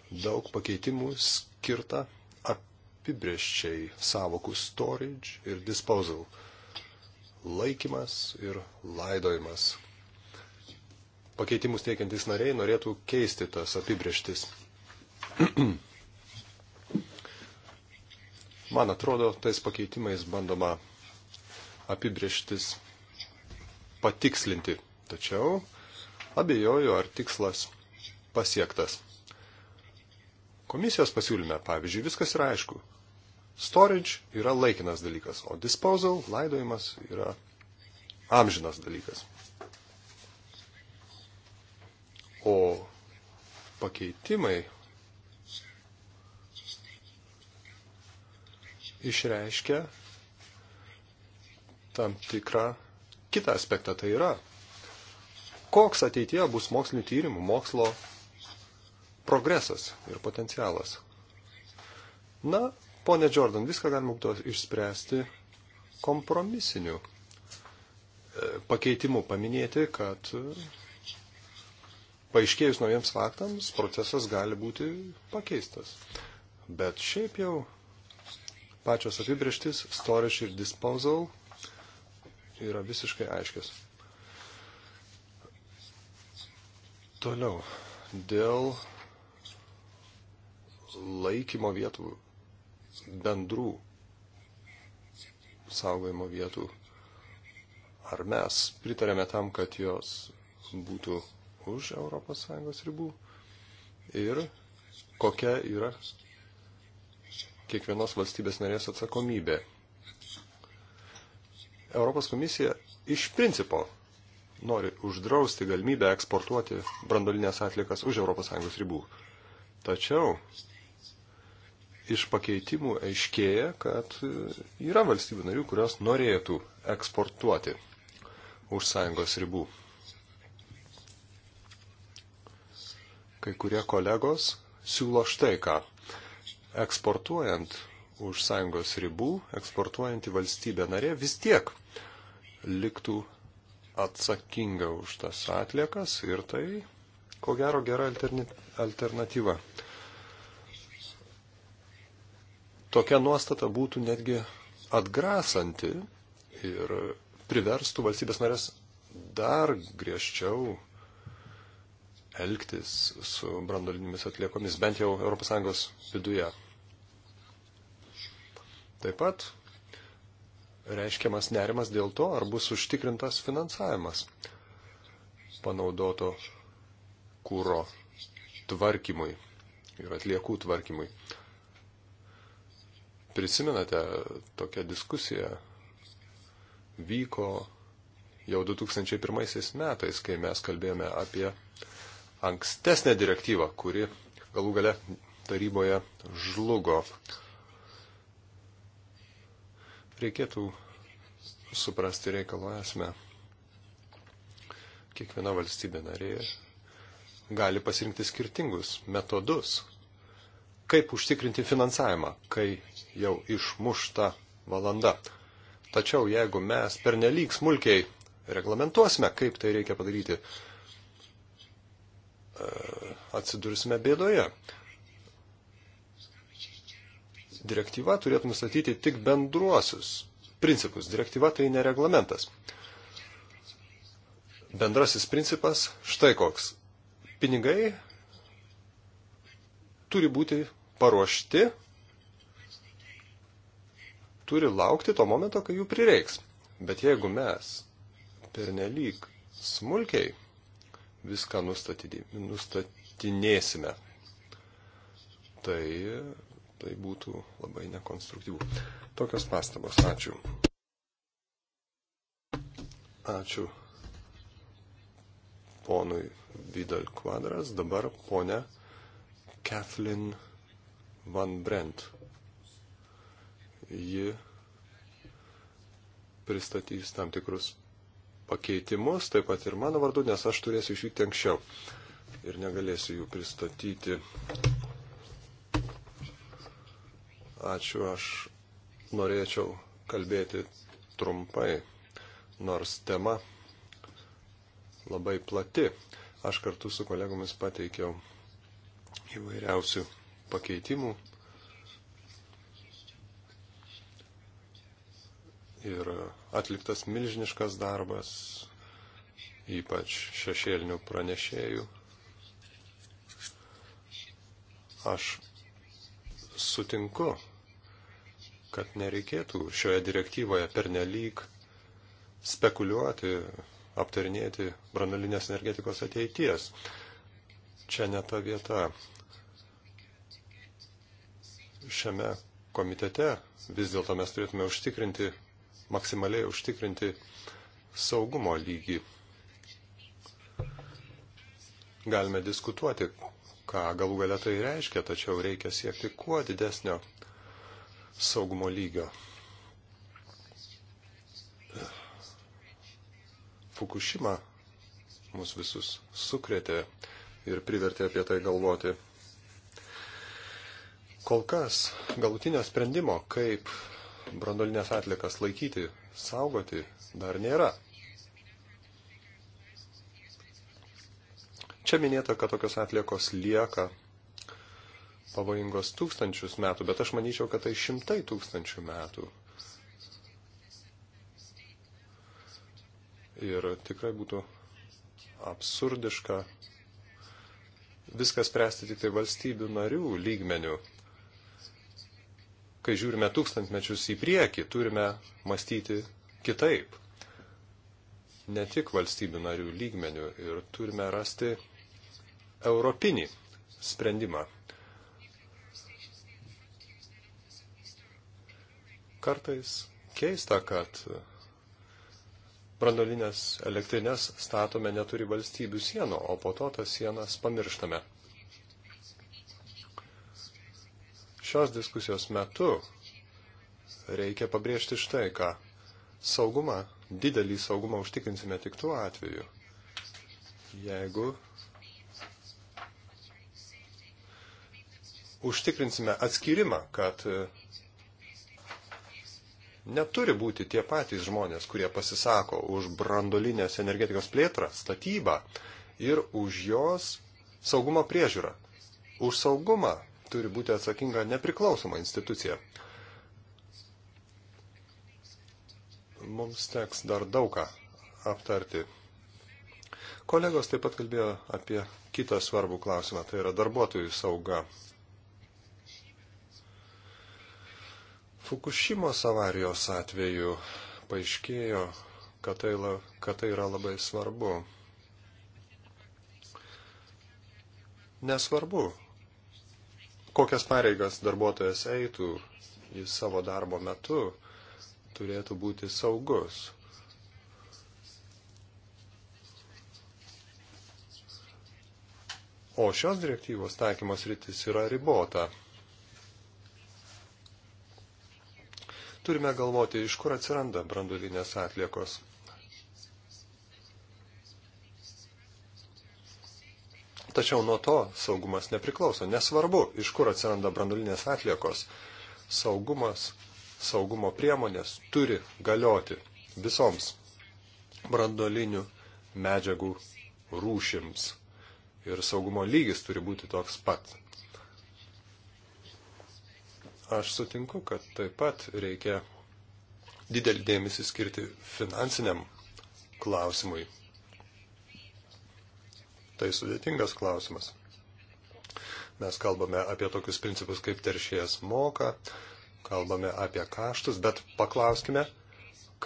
daug pakeitimų skirta apibrieščiai savokų storage ir disposal - laikymas ir laidojimas. Pakeitimus teikiantis nariai norėtų keisti tas apibrieštis. Man atrodo, tais pakeitimais bandoma apibrieštis patikslinti, tačiau abejoju, ar tikslas pasiektas. Komisijos pasiūlyme, pavyzdžiui, viskas yra aišku. Storage yra laikinas dalykas, o disposal, laidojimas, yra amžinas dalykas. O pakeitimai išreiškia tam tikrą kitą aspektą, tai yra, koks ateityje bus mokslinių tyrimų, mokslo progresas ir potencialas. Na, ponė Jordan, viską galima išspręsti kompromisiniu e, pakeitimu paminėti, kad e, paaiškėjus naujiems faktams procesas gali būti pakeistas. Bet šiaip jau pačios apibrieštis storage ir disposal yra visiškai aiškios. Toliau, dėl laikymo vietų, bendrų saugojimo vietų, ar mes pritarėme tam, kad jos būtų už ES ribų ir kokia yra kiekvienos valstybės narės atsakomybė Europos komisija iš principo nori uždrausti galimybę eksportuoti brandolinės atlikas už ES ribų. Tačiau iš pakeitimų aiškėja, kad yra valstybių narių, kurios norėtų eksportuoti už sąjungos ribų. Kai kurie kolegos siūlo štai ką. Eksportuojant už sąjungos ribų, eksportuojant į valstybę narė, vis tiek liktų atsakinga už tas atliekas ir tai, ko gero, gera alternatyva. Tokia nuostata būtų netgi atgrasanti ir priverstų valstybės narės dar griežčiau elgtis su brandolinėmis atliekomis, bent jau ES viduje. Taip pat reiškiamas nerimas dėl to, ar bus užtikrintas finansavimas panaudoto kūro tvarkymui ir atliekų tvarkymui. Prisimenate, tokia diskusija vyko jau 2001 metais, kai mes kalbėjome apie ankstesnę direktyvą, kuri galų gale taryboje žlugo. Reikėtų suprasti reikalo esmę. Kiekviena valstybė narė gali pasirinkti skirtingus metodus, kaip užtikrinti finansavimą, kai jau išmušta valanda. Tačiau jeigu mes pernelyg smulkiai reglamentuosime, kaip tai reikia padaryti, e, atsidursime bėdoje direktyva turėtų nustatyti tik bendruosius principus. Direktyva tai nereglamentas. Bendrasis principas štai koks. Pinigai turi būti paruošti, turi laukti to momento, kai jų prireiks. Bet jeigu mes pernelyg smulkiai viską nustatinėsime, tai Tai būtų labai nekonstruktyvų. Tokios pastabos. Ačiū. Ačiū ponui Vidal Quadras. Dabar ponia Kathleen Van Brent. Ji pristatys tam tikrus pakeitimus, taip pat ir mano vardu, nes aš turėsiu išvykti anksčiau ir negalėsiu jų pristatyti Ačiū, aš norėčiau kalbėti trumpai, nors tema labai plati. Aš kartu su kolegomis pateikiau įvairiausių pakeitimų. Ir atliktas milžiniškas darbas, ypač šešėlinių pranešėjų. Aš sutinku kad nereikėtų šioje direktyvoje pernelyg spekuliuoti, aptarinėti branalinės energetikos ateities. Čia ne ta vieta. Šiame komitete vis dėlto mes turėtume užtikrinti, maksimaliai užtikrinti saugumo lygį. Galime diskutuoti, ką galų galia tai reiškia, tačiau reikia siekti kuo didesnio saugumo lygio. Fukushima mus visus sukrėtė ir privertė apie tai galvoti. Kol kas galutinio sprendimo, kaip brandolinės atlikas laikyti, saugoti, dar nėra. Čia minėta, kad tokios atliekos lieka pavojingos tūkstančius metų, bet aš manyčiau, kad tai šimtai tūkstančių metų. Ir tikrai būtų absurdiška viskas spręsti tik tai valstybių narių lygmenių. Kai žiūrime tūkstantmečius į priekį, turime mąstyti kitaip. Ne tik valstybių narių lygmenių ir turime rasti europinį sprendimą. Kartais keista, kad brandolinės elektrinės statome neturi valstybių sienų, o po to tas sienas pamirštame. Šios diskusijos metu reikia pabrėžti štai ką. Saugumą, didelį saugumą užtikrinsime tik tuo atveju, jeigu užtikrinsime atskirimą, kad neturi būti tie patys žmonės, kurie pasisako už brandolinės energetikos plėtrą, statybą ir už jos saugumo priežiūrą. Už saugumą turi būti atsakinga nepriklausoma institucija. Mums teks dar daug ką aptarti. Kolegos taip pat kalbėjo apie kitą svarbų klausimą, tai yra darbuotojų sauga. Fukushimos avarijos atveju paaiškėjo, kad tai, kad tai yra labai svarbu. Nesvarbu, kokias pareigas darbuotojas eitų, jis savo darbo metu turėtų būti saugus. O šios direktyvos taikymos rytis yra ribota. turime galvoti, iš kur atsiranda brandulinės atliekos. Tačiau nuo to saugumas nepriklauso. Nesvarbu, iš kur atsiranda brandulinės atliekos, saugumas, saugumo priemonės turi galioti visoms brandolinių medžiagų rūšims. Ir saugumo lygis turi būti toks pat. Aš sutinku, kad taip pat reikia didelį dėmesį skirti finansiniam klausimui. Tai sudėtingas klausimas. Mes kalbame apie tokius principus, kaip teršėjas moka, kalbame apie kaštus, bet paklauskime,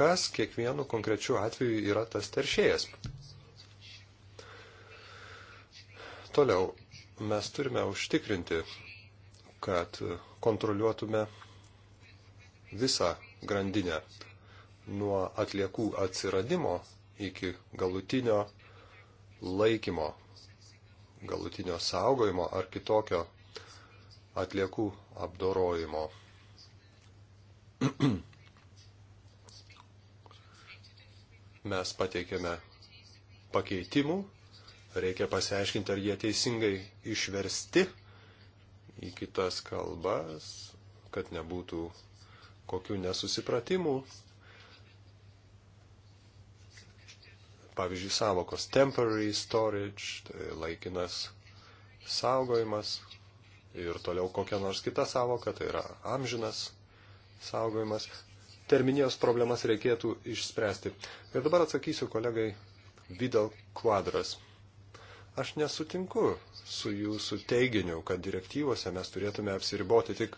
kas kiekvienu konkrečiu atveju yra tas teršėjas. Toliau mes turime užtikrinti, kad kontroliuotume visą grandinę nuo atliekų atsiradimo iki galutinio laikymo, galutinio saugojimo ar kitokio atliekų apdorojimo. [CLEARS THROAT] Mes pateikėme pakeitimų, reikia pasiaiškinti, ar jie teisingai išversti į kitas kalbas, kad nebūtų kokių nesusipratimų. Pavyzdžiui, savokos temporary storage, tai laikinas saugojimas ir toliau kokia nors kita savoka, tai yra amžinas saugojimas. Terminijos problemas reikėtų išspręsti. Ir dabar atsakysiu kolegai Vidal Quadras. Aš nesutinku su jūsų teiginiu, kad direktyvose mes turėtume apsiriboti tik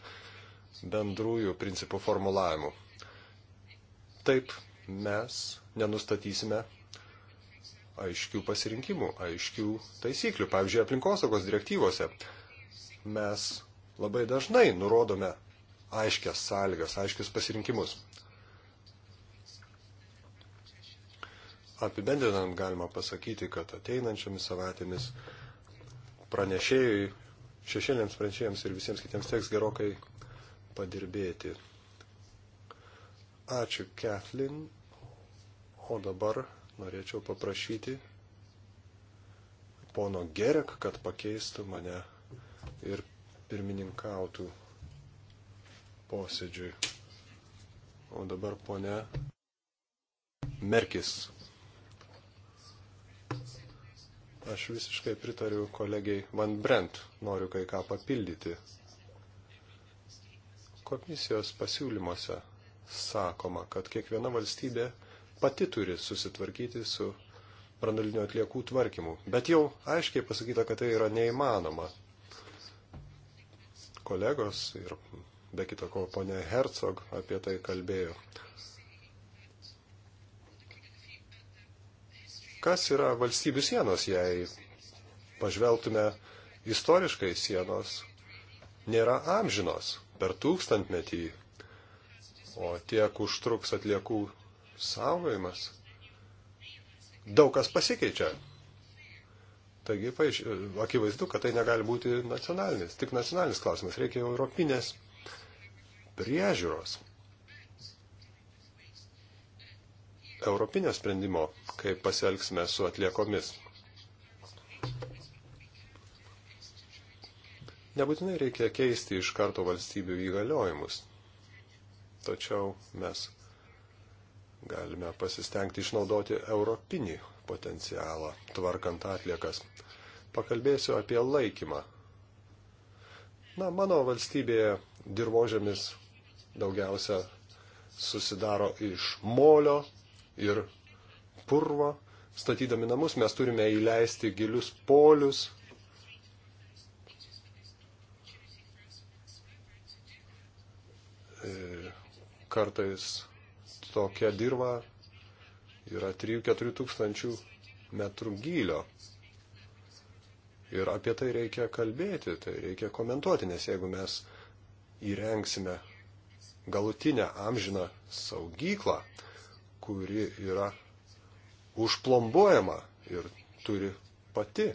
bendrųjų principų formulavimu. Taip mes nenustatysime aiškių pasirinkimų, aiškių taisyklių. Pavyzdžiui, aplinkosaugos direktyvose mes labai dažnai nurodome aiškias sąlygas, aiškius pasirinkimus. Apibendrinant galima pasakyti, kad ateinančiomis savaitėmis pranešėjui, šešėliams pranešėjams ir visiems kitiems teks gerokai padirbėti. Ačiū, Kathleen. O dabar norėčiau paprašyti pono Gerek, kad pakeistų mane ir pirmininkautų posėdžiui. O dabar pone Merkis. Aš visiškai pritariu kolegiai Van Brent, noriu kai ką papildyti. Komisijos pasiūlymuose sakoma, kad kiekviena valstybė pati turi susitvarkyti su branduolinių atliekų tvarkymu. Bet jau aiškiai pasakyta, kad tai yra neįmanoma. Kolegos ir be kita ko ponė Hercog apie tai kalbėjo. Kas yra valstybių sienos, jei pažvelgtume istoriškai sienos, nėra amžinos per tūkstantmetį, o tiek užtruks atliekų saugojimas. Daug kas pasikeičia. Taigi, paaiš, akivaizdu, kad tai negali būti nacionalinis, tik nacionalinis klausimas, reikia europinės priežiūros. europinio sprendimo, kaip pasielgsime su atliekomis. Nebūtinai reikia keisti iš karto valstybių įgaliojimus, tačiau mes galime pasistengti išnaudoti europinį potencialą, tvarkant atliekas. Pakalbėsiu apie laikymą. Na, mano valstybėje dirbožėmis daugiausia susidaro iš molio, ir purvo. Statydami namus mes turime įleisti gilius polius. E, kartais tokia dirba yra 3-4 tūkstančių metrų gylio. Ir apie tai reikia kalbėti, tai reikia komentuoti, nes jeigu mes įrengsime galutinę amžiną saugyklą, kuri yra užplombuojama ir turi pati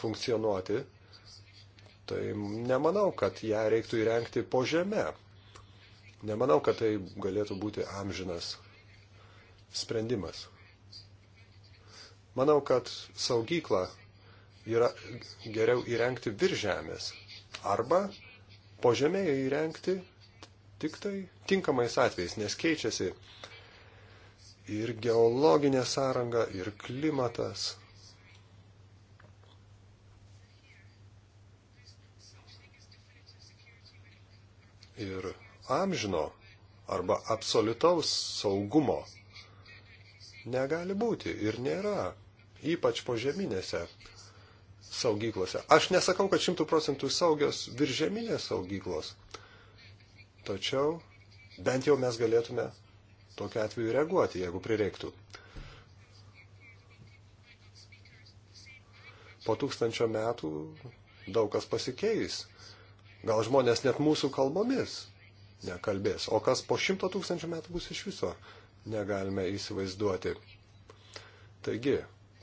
funkcionuoti, tai nemanau, kad ją reiktų įrengti po žemę. Nemanau, kad tai galėtų būti amžinas sprendimas. Manau, kad saugyklą yra geriau įrengti virš žemės arba po žemėje įrengti tik tai tinkamais atvejais, nes keičiasi uh, ir geologinė sąranga, ir klimatas. Ir amžino arba absoliutaus saugumo negali būti ir nėra, ypač požeminėse saugyklose. Aš nesakau, kad šimtų procentų saugios viržeminės saugyklos, tačiau bent jau mes galėtume tokiu atveju reaguoti, jeigu prireiktų. Po tūkstančio metų daug kas pasikeis. Gal žmonės net mūsų kalbomis nekalbės. O kas po šimto tūkstančių metų bus iš viso, negalime įsivaizduoti. Taigi,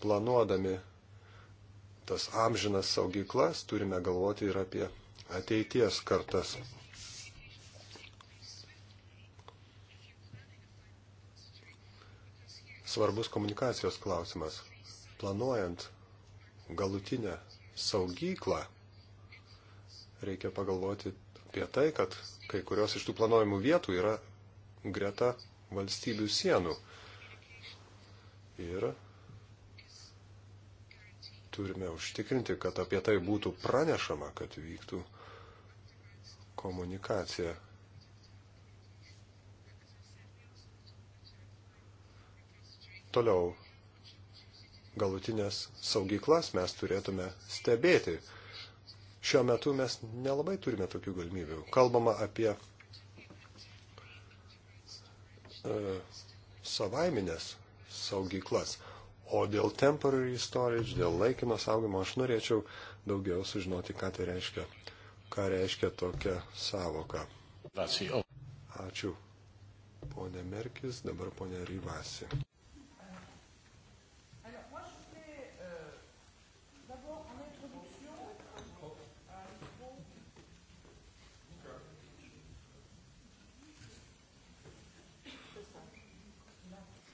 planuodami tas amžinas saugyklas, turime galvoti ir apie ateities kartas. svarbus komunikacijos klausimas. Planuojant galutinę saugyklą, reikia pagalvoti apie tai, kad kai kurios iš tų planuojamų vietų yra greta valstybių sienų. Ir turime užtikrinti, kad apie tai būtų pranešama, kad vyktų komunikacija. Toliau galutinės saugyklas mes turėtume stebėti. Šiuo metu mes nelabai turime tokių galimybių. Kalbama apie e, savaiminės saugyklas. O dėl temporary storage, dėl laikino saugimo, aš norėčiau daugiau sužinoti, ką tai reiškia. Ką reiškia tokia savoka. Ačiū. Pone Merkis, dabar pone Ryvasi.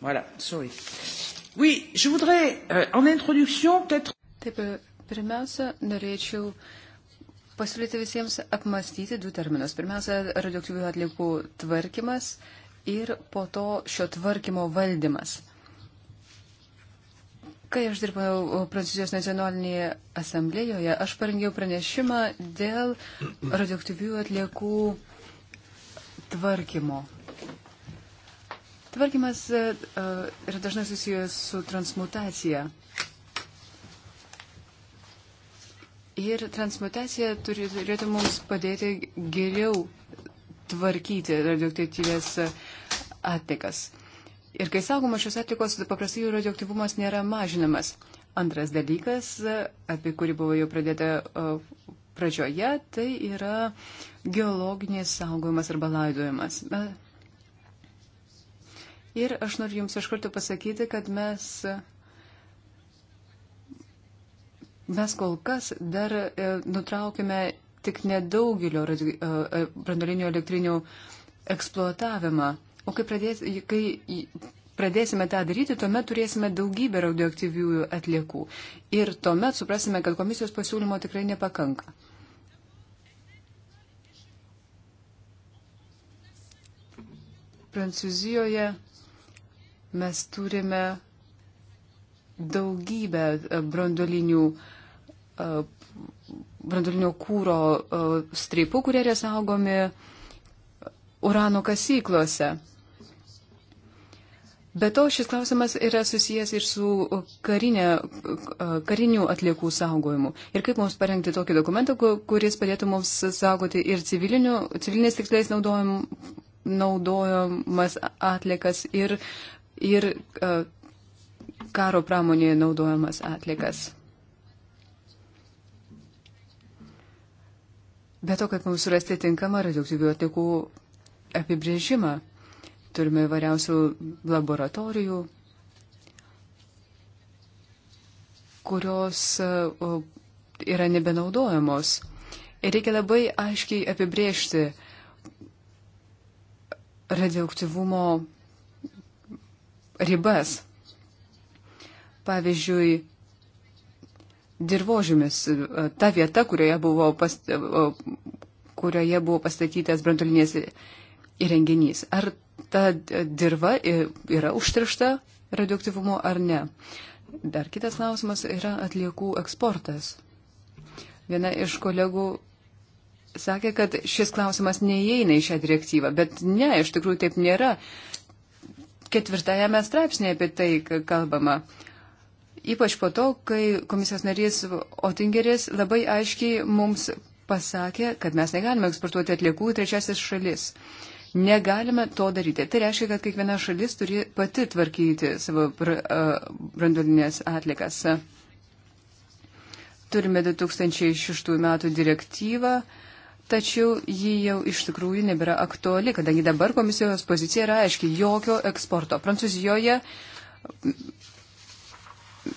Voilà, sorry. Oui, je voudrais, euh, en introduction, peut-être. Taip, pirmiausia, norėčiau pasiūlyti visiems apmastyti du terminus. Pirmiausia, radioaktyvių atliekų tvarkymas ir po to šio tvarkymo valdymas. Kai aš dirbau Prancūzijos nacionalinėje asamblėjoje, aš parengiau pranešimą dėl radioaktyvių atliekų tvarkymo. Tvarkymas e, e, yra dažnai susijęs su transmutacija. Ir transmutacija turėtų mums padėti geriau tvarkyti radioaktyvės atlikas. Ir kai saugoma šios atlikos, paprastai jų radioaktyvumas nėra mažinamas. Antras dalykas, e, apie kurį buvo jau pradėta pradžioje, tai yra geologinės saugojimas arba laidojimas. Ir aš noriu Jums iš karto pasakyti, kad mes, mes kol kas dar e, nutraukime tik nedaugelio e, e, brandolinio elektrinių eksploatavimą. O kai, pradės, kai pradėsime tą daryti, tuomet turėsime daugybę radioaktyviųjų atliekų. Ir tuomet suprasime, kad komisijos pasiūlymo tikrai nepakanka. Prancūzijoje Mes turime daugybę e, brandolinių e, brandulinio kūro e, streipų, kurie yra saugomi urano kasyklose. Be to, šis klausimas yra susijęs ir su karinė, karinių atliekų saugojimu. Ir kaip mums parengti tokį dokumentą, kuris padėtų mums saugoti ir civiliniais tikslais naudojam, naudojamas atliekas, ir ir e, karo pramonėje naudojamas atlikas. Be to, kaip mums surasti tinkamą radioaktyvių atlikų apibrėžimą, turime įvairiausių laboratorijų, kurios e, yra nebenaudojamos. Ir reikia labai aiškiai apibrėžti radioaktyvumo ribas. Pavyzdžiui, dirbožymis, e, ta vieta, kurioje buvo, pas, e, kurioje buvo pastatytas brandulinės įrenginys. Ar ta dirba yra užtrišta radioaktyvumu ar ne? Dar kitas klausimas yra atliekų eksportas. Viena iš kolegų sakė, kad šis klausimas neįeina į šią direktyvą, bet ne, iš tikrųjų taip nėra ketvirtajame straipsnėje apie tai kalbama. Ypač po to, kai komisijos narys Otingeris labai aiškiai mums pasakė, kad mes negalime eksportuoti atliekų į trečiasis šalis. Negalime to daryti. Tai reiškia, kad kiekviena šalis turi pati tvarkyti savo branduolinės atlikas. Turime 2006 metų direktyvą tačiau ji jau iš tikrųjų nebėra aktuali, kadangi dabar komisijos pozicija yra aiški - jokio eksporto. Prancūzijoje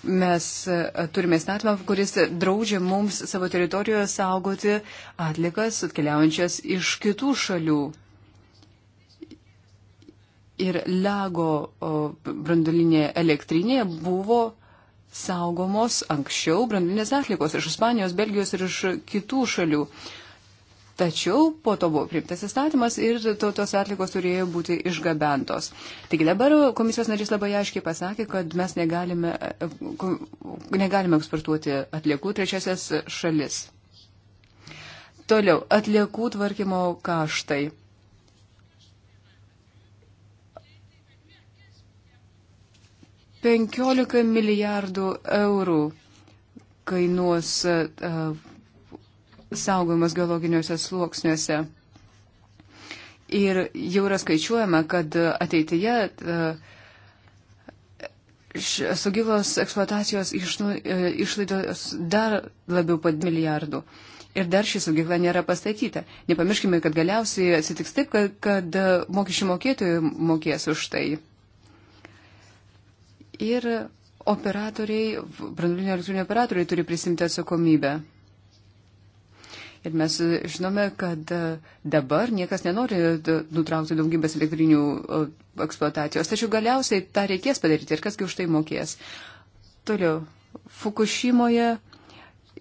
mes e, turime įstatymą, kuris draudžia mums savo teritorijoje saugoti atlikas atkeliaujančias iš kitų šalių. Ir Lago brandulinė elektrinė buvo saugomos anksčiau brandulinės atlikos iš Ispanijos, Belgijos ir iš kitų šalių. Tačiau po to buvo priimtas įstatymas ir to, tos atlikos turėjo būti išgabentos. Taigi dabar komisijos narys labai aiškiai pasakė, kad mes negalime, negalime eksportuoti atliekų trečiasias šalis. Toliau, atliekų tvarkymo kaštai. Penkiolika milijardų eurų kainuos uh, saugomas geologiniuose sluoksniuose. Ir jau yra skaičiuojama, kad ateityje e, sugylos eksploatacijos e, išlaidos dar labiau pat milijardų. Ir dar ši saugykla nėra pastatyta. Nepamirškime, kad galiausiai atsitiks taip, kad, kad mokesčių mokėtojų mokės už tai. Ir operatoriai, branduolinio elektrinio operatoriai turi prisimti atsakomybę. Ir mes e, žinome, kad e, dabar niekas nenori e, nutraukti daugybės elektrinių eksploatacijos, tačiau galiausiai tą reikės padaryti ir kasgi už tai mokės. Toliau, Fukushimoje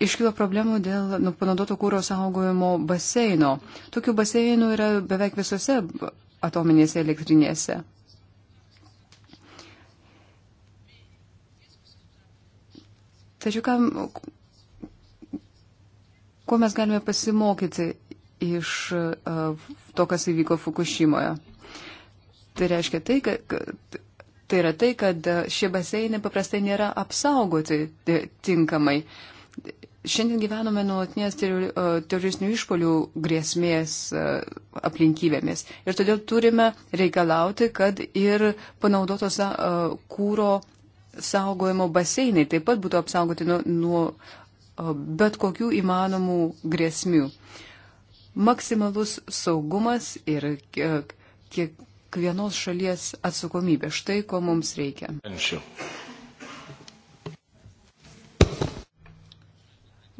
iškilo problemų dėl nu, panaudoto kūro saugojimo baseino. Tokių baseinų yra beveik visose atominėse elektrinėse. Tačiau kam, Ko mes galime pasimokyti iš uh, to, kas įvyko Fukushimoje? Tai reiškia tai, kad, tai yra tai, kad uh, šie baseinai paprastai nėra apsaugoti e, tinkamai. Šiandien gyvename nuolatinės uh, teroristinių išpolių grėsmės aplinkybėmis. Ir todėl turime reikalauti, kad ir panaudotos kūro saugojimo baseinai taip pat būtų apsaugoti nuo, nuo bet kokių įmanomų grėsmių. Maksimalus saugumas ir kiekvienos šalies atsakomybė. Štai ko mums reikia. Ančiū.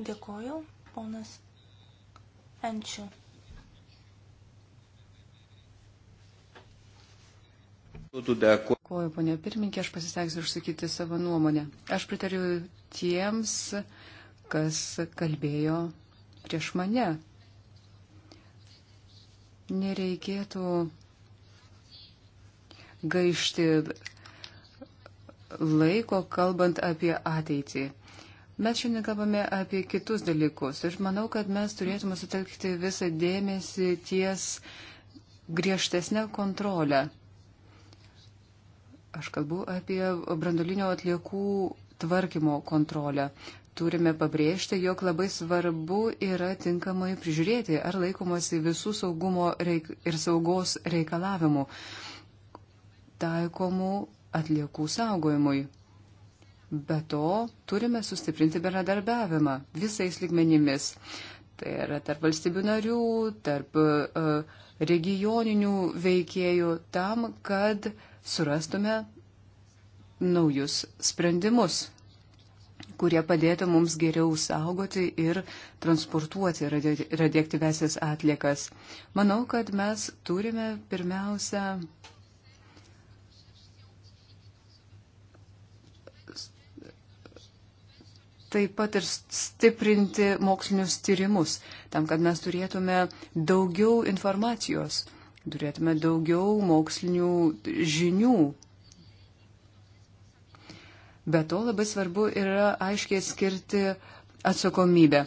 Dėkoju, ponas Ančiū. Dėkuoju, ponė pirmininkė, aš pasistengsiu išsakyti savo nuomonę. Aš pritariu tiems, uh, kas kalbėjo prieš mane. Nereikėtų gaišti laiko kalbant apie ateitį. Mes šiandien kalbame apie kitus dalykus. Aš manau, kad mes turėtume sutelkti visą dėmesį ties griežtesnę kontrolę. Aš kalbu apie brandolinio atliekų tvarkymo kontrolę turime pabrėžti, jog labai svarbu yra tinkamai prižiūrėti, ar laikomasi visų saugumo reik ir saugos reikalavimų taikomų atliekų saugojimui. Be to, turime sustiprinti bendradarbiavimą visais ligmenimis. Tai yra tarp valstybių narių, tarp uh, regioninių veikėjų, tam, kad surastume naujus sprendimus kurie padėtų mums geriau saugoti ir transportuoti radioaktyvesias atliekas. Manau, kad mes turime pirmiausia taip pat ir stiprinti mokslinius tyrimus, tam, kad mes turėtume daugiau informacijos, turėtume daugiau mokslinių žinių Be to labai svarbu yra aiškiai skirti atsakomybę.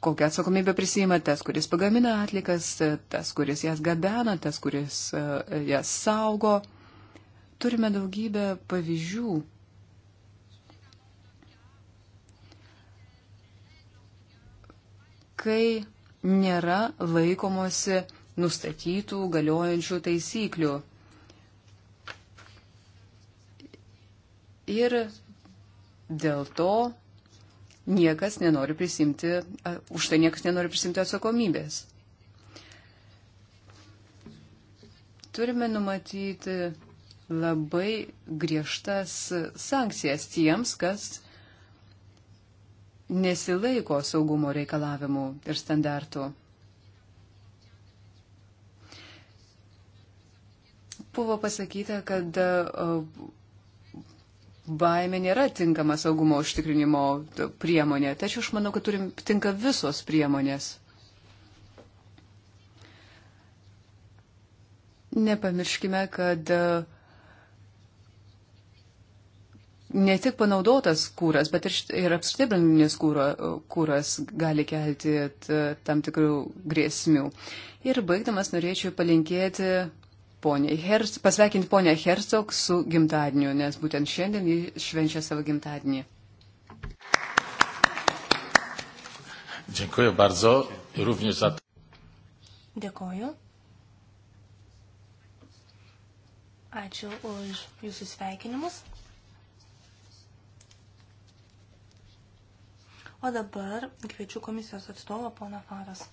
Kokią atsakomybę prisima tas, kuris pagamina atlikas, tas, kuris jas gabena, tas, kuris e, jas saugo. Turime daugybę pavyzdžių, kai nėra laikomosi nustatytų galiojančių taisyklių. ir dėl to niekas nenori prisimti, už tai niekas nenori prisimti atsakomybės. Turime numatyti labai griežtas sankcijas tiems, kas nesilaiko saugumo reikalavimų ir standartų. Buvo pasakyta, kad baimė nėra tinkama saugumo užtikrinimo priemonė, tačiau aš manau, kad turim tinka visos priemonės. Nepamirškime, kad e, ne tik panaudotas kūras, bet ir, ir apskritai brandinis e, kūras gali kelti tam tikrų grėsmių. Ir baigdamas norėčiau palinkėti Herz, pasveikinti ponę Herzog su gimtadieniu, nes būtent šiandien ji švenčia savo gimtadienį. Dziękuję bardzo również za. Dėkoju. Ačiū už jūsų sveikinimus. O dabar kviečiu komisijos atstovą poną Faras.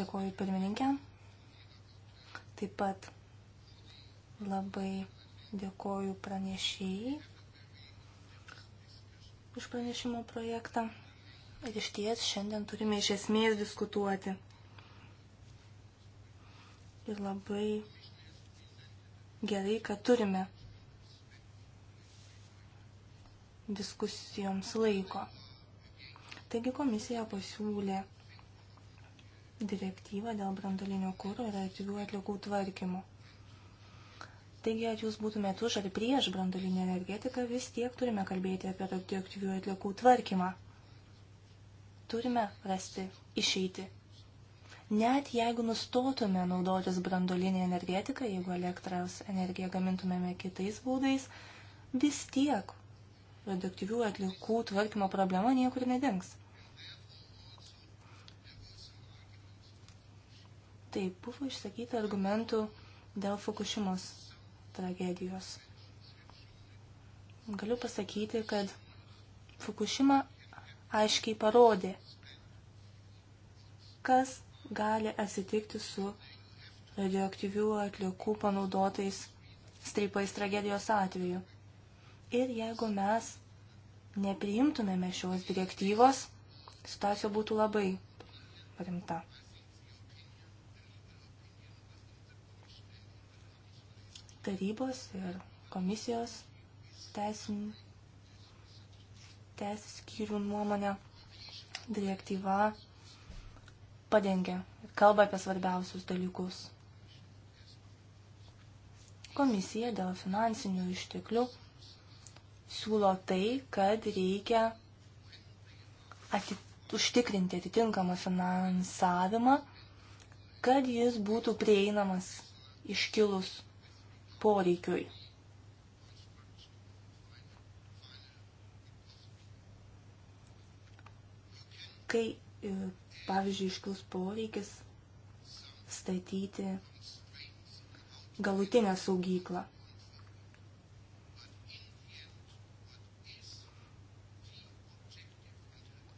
Dėkuoju pirmininkė. Taip pat labai dėkoju pranešėjai už pranešimo projektą. Ir iš ties šiandien turime iš esmės diskutuoti. Ir labai gerai, kad turime diskusijoms laiko. Taigi komisija pasiūlė direktyvą dėl brandolinio kūro ir aktyvių atliekų tvarkymų. Taigi, ar jūs būtumėt už ar prieš brandolinę energetiką, vis tiek turime kalbėti apie radioaktyvių atliekų tvarkymą. Turime rasti išeiti. Net jeigu nustotume naudotis brandolinį energetiką, jeigu elektros energiją gamintumėme kitais būdais, vis tiek radioaktyvių atliekų tvarkymo problema niekur nedings. Taip, buvo išsakyta argumentų dėl Fukushimos tragedijos. Galiu pasakyti, kad Fukushima aiškiai parodė, kas gali atsitikti su radioaktyvių atliekų panaudotais streipais tragedijos atveju. Ir jeigu mes nepriimtumėme šios direktyvos, situacija būtų labai rimta. tarybos ir komisijos teisinių teisės skyrių nuomonę direktyva padengia ir kalba apie svarbiausius dalykus. Komisija dėl finansinių išteklių siūlo tai, kad reikia atit užtikrinti atitinkamą finansavimą, kad jis būtų prieinamas iškilus poreikiui. Kai, e, pavyzdžiui, iškils poreikis statyti galutinę saugyklą.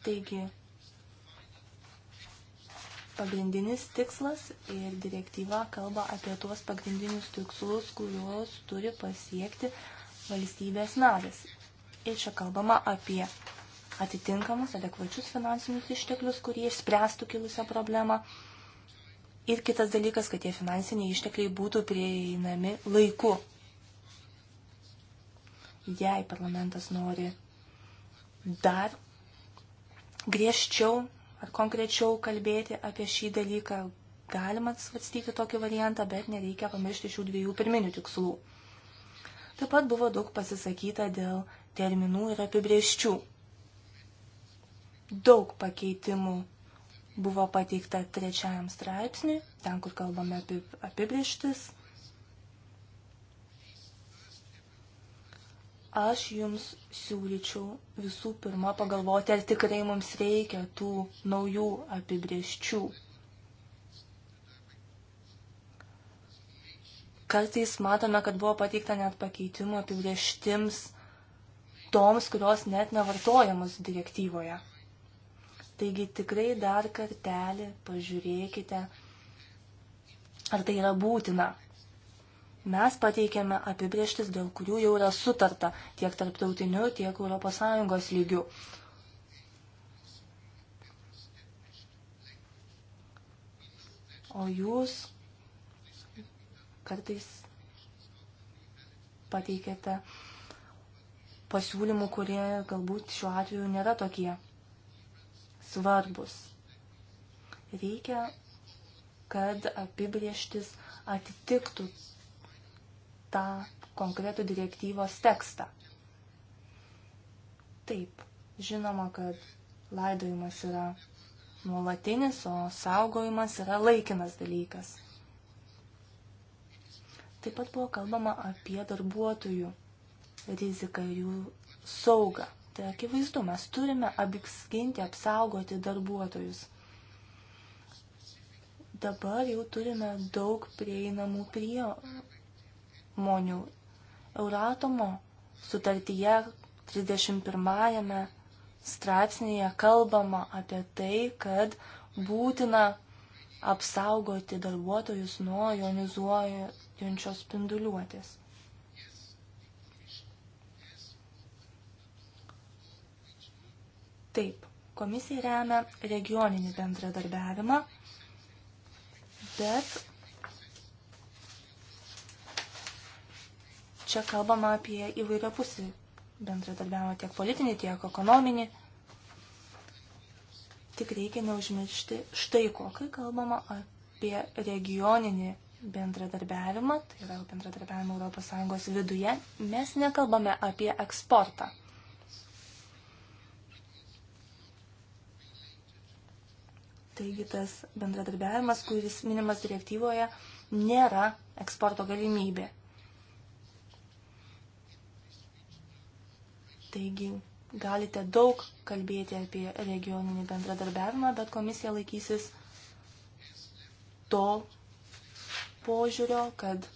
Taigi, pagrindinis tikslas ir direktyva kalba apie tuos pagrindinius tikslus, kuriuos turi pasiekti valstybės narės. Ir čia kalbama apie atitinkamus adekvačius finansinius išteklius, kurie išspręstų kilusią problemą. Ir kitas dalykas, kad tie finansiniai ištekliai būtų prieinami laiku. Jei parlamentas nori dar griežčiau ar konkrečiau kalbėti apie šį dalyką. Galima svarstyti tokį variantą, bet nereikia pamiršti šių dviejų pirminių tikslų. Taip pat buvo daug pasisakyta dėl terminų ir apibrieščių. Daug pakeitimų buvo pateikta trečiajam straipsniui, ten, kur kalbame apie apibrieštis aš jums siūlyčiau visų pirma pagalvoti, ar tikrai mums reikia tų naujų apibrieščių. Kartais matome, kad buvo pateikta net pakeitimų apibrieštims toms, kurios net nevartojamos direktyvoje. Taigi tikrai dar kartelį pažiūrėkite, ar tai yra būtina, Mes pateikėme apibrieštis, dėl kurių jau yra sutarta tiek tarptautiniu, tiek ES lygiu. O jūs kartais pateikėte pasiūlymų, kurie galbūt šiuo atveju nėra tokie svarbus. Reikia, kad apibrieštis atitiktų tą konkretų direktyvos tekstą. Taip, žinoma, kad laidojimas yra nuolatinis, o saugojimas yra laikinas dalykas. Taip pat buvo kalbama apie darbuotojų riziką ir jų saugą. Tai akivaizdu, mes turime apskinti, apsaugoti darbuotojus. Dabar jau turime daug prieinamų prie, žmonių. Euratomo sutartyje 31 straipsnėje kalbama apie tai, kad būtina apsaugoti darbuotojus nuo jonizuojančios spinduliuotės. Taip, komisija remia regioninį bendradarbiavimą, bet Čia kalbama apie įvairią pusį bendradarbiavimą tiek politinį, tiek ekonominį. Tik reikia neužmiršti štai ko, kai kalbama apie regioninį bendradarbiavimą, tai yra bendradarbiavimą ES viduje, mes nekalbame apie eksportą. Taigi tas bendradarbiavimas, kuris minimas direktyvoje, nėra eksporto galimybė. Taigi galite daug kalbėti apie regioninį bendradarbiavimą, bet komisija laikysis to požiūrio, kad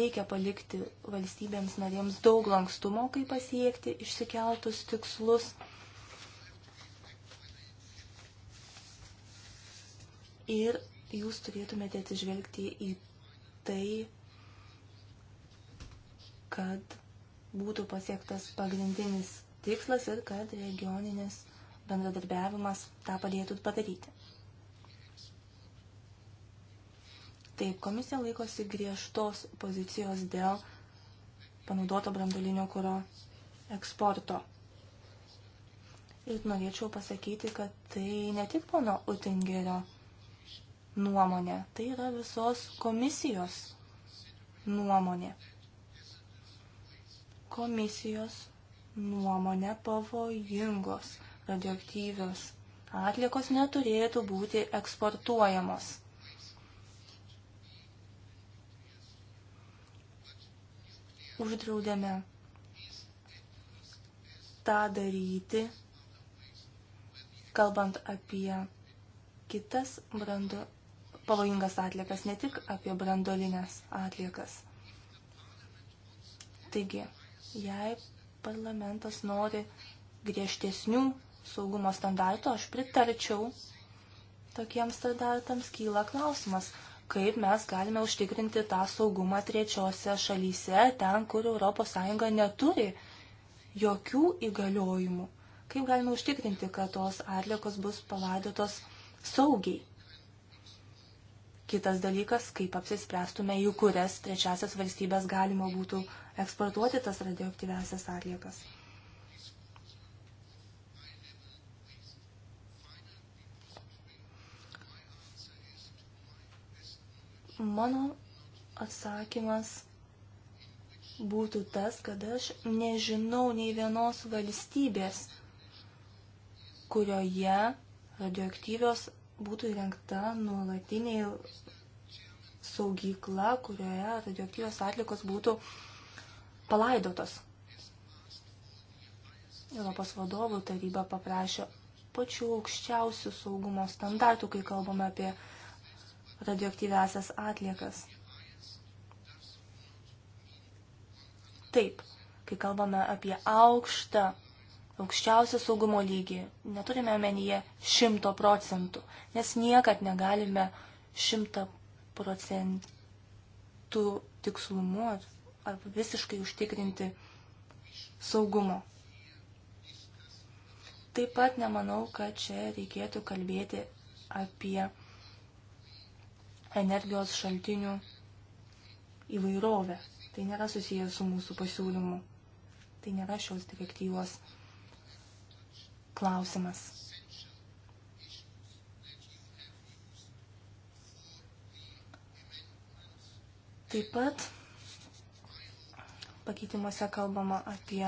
reikia palikti valstybėms narėms daug lankstumo, kaip pasiekti išsikeltus tikslus. Ir jūs turėtumėte atsižvelgti į tai, kad būtų pasiektas pagrindinis tikslas ir kad regioninis bendradarbiavimas tą padėtų padaryti. Taip, komisija laikosi griežtos pozicijos dėl panaudoto branduolinio kūro eksporto. Ir norėčiau pasakyti, kad tai ne tik pono Utingerio nuomonė, tai yra visos komisijos nuomonė komisijos nuomonė pavojingos radioaktyvios atlikos neturėtų būti eksportuojamos. Uždraudėme tą daryti, kalbant apie kitas brandu, pavojingas atliekas, ne tik apie brandolinės atliekas. Taigi, Jei parlamentas nori griežtesnių saugumo standartų, aš pritarčiau tokiems standartams kyla klausimas, kaip mes galime užtikrinti tą saugumą trečiose šalyse, ten, kur ES neturi jokių įgaliojimų. Kaip galime užtikrinti, kad tos atliekos bus palaidotos saugiai. Kitas dalykas, kaip apsispręstume, į kurias trečiasias valstybės galima būtų eksportuoti tas radioaktyviasias atliekas. Mano atsakymas būtų tas, kad aš nežinau nei vienos valstybės, kurioje radioaktyvios būtų įrengta nuolatiniai saugykla, kurioje radioaktyvios atlikos būtų uh, palaidotos. Europos vadovų taryba paprašė pačių aukščiausių saugumo standartų, kai kalbame apie radioaktyviasias atliekas. Taip, kai kalbame apie aukštą, aukščiausią saugumo lygį, neturime menyje šimto procentų, nes niekad negalime šimta procentų tikslumu visiškai užtikrinti saugumo. Taip pat nemanau, kad čia reikėtų kalbėti apie energijos šaltinių įvairovę. Tai nėra susijęs su mūsų pasiūlymu. Tai nėra šios direktyvos klausimas. Taip pat pakeitimuose kalbama apie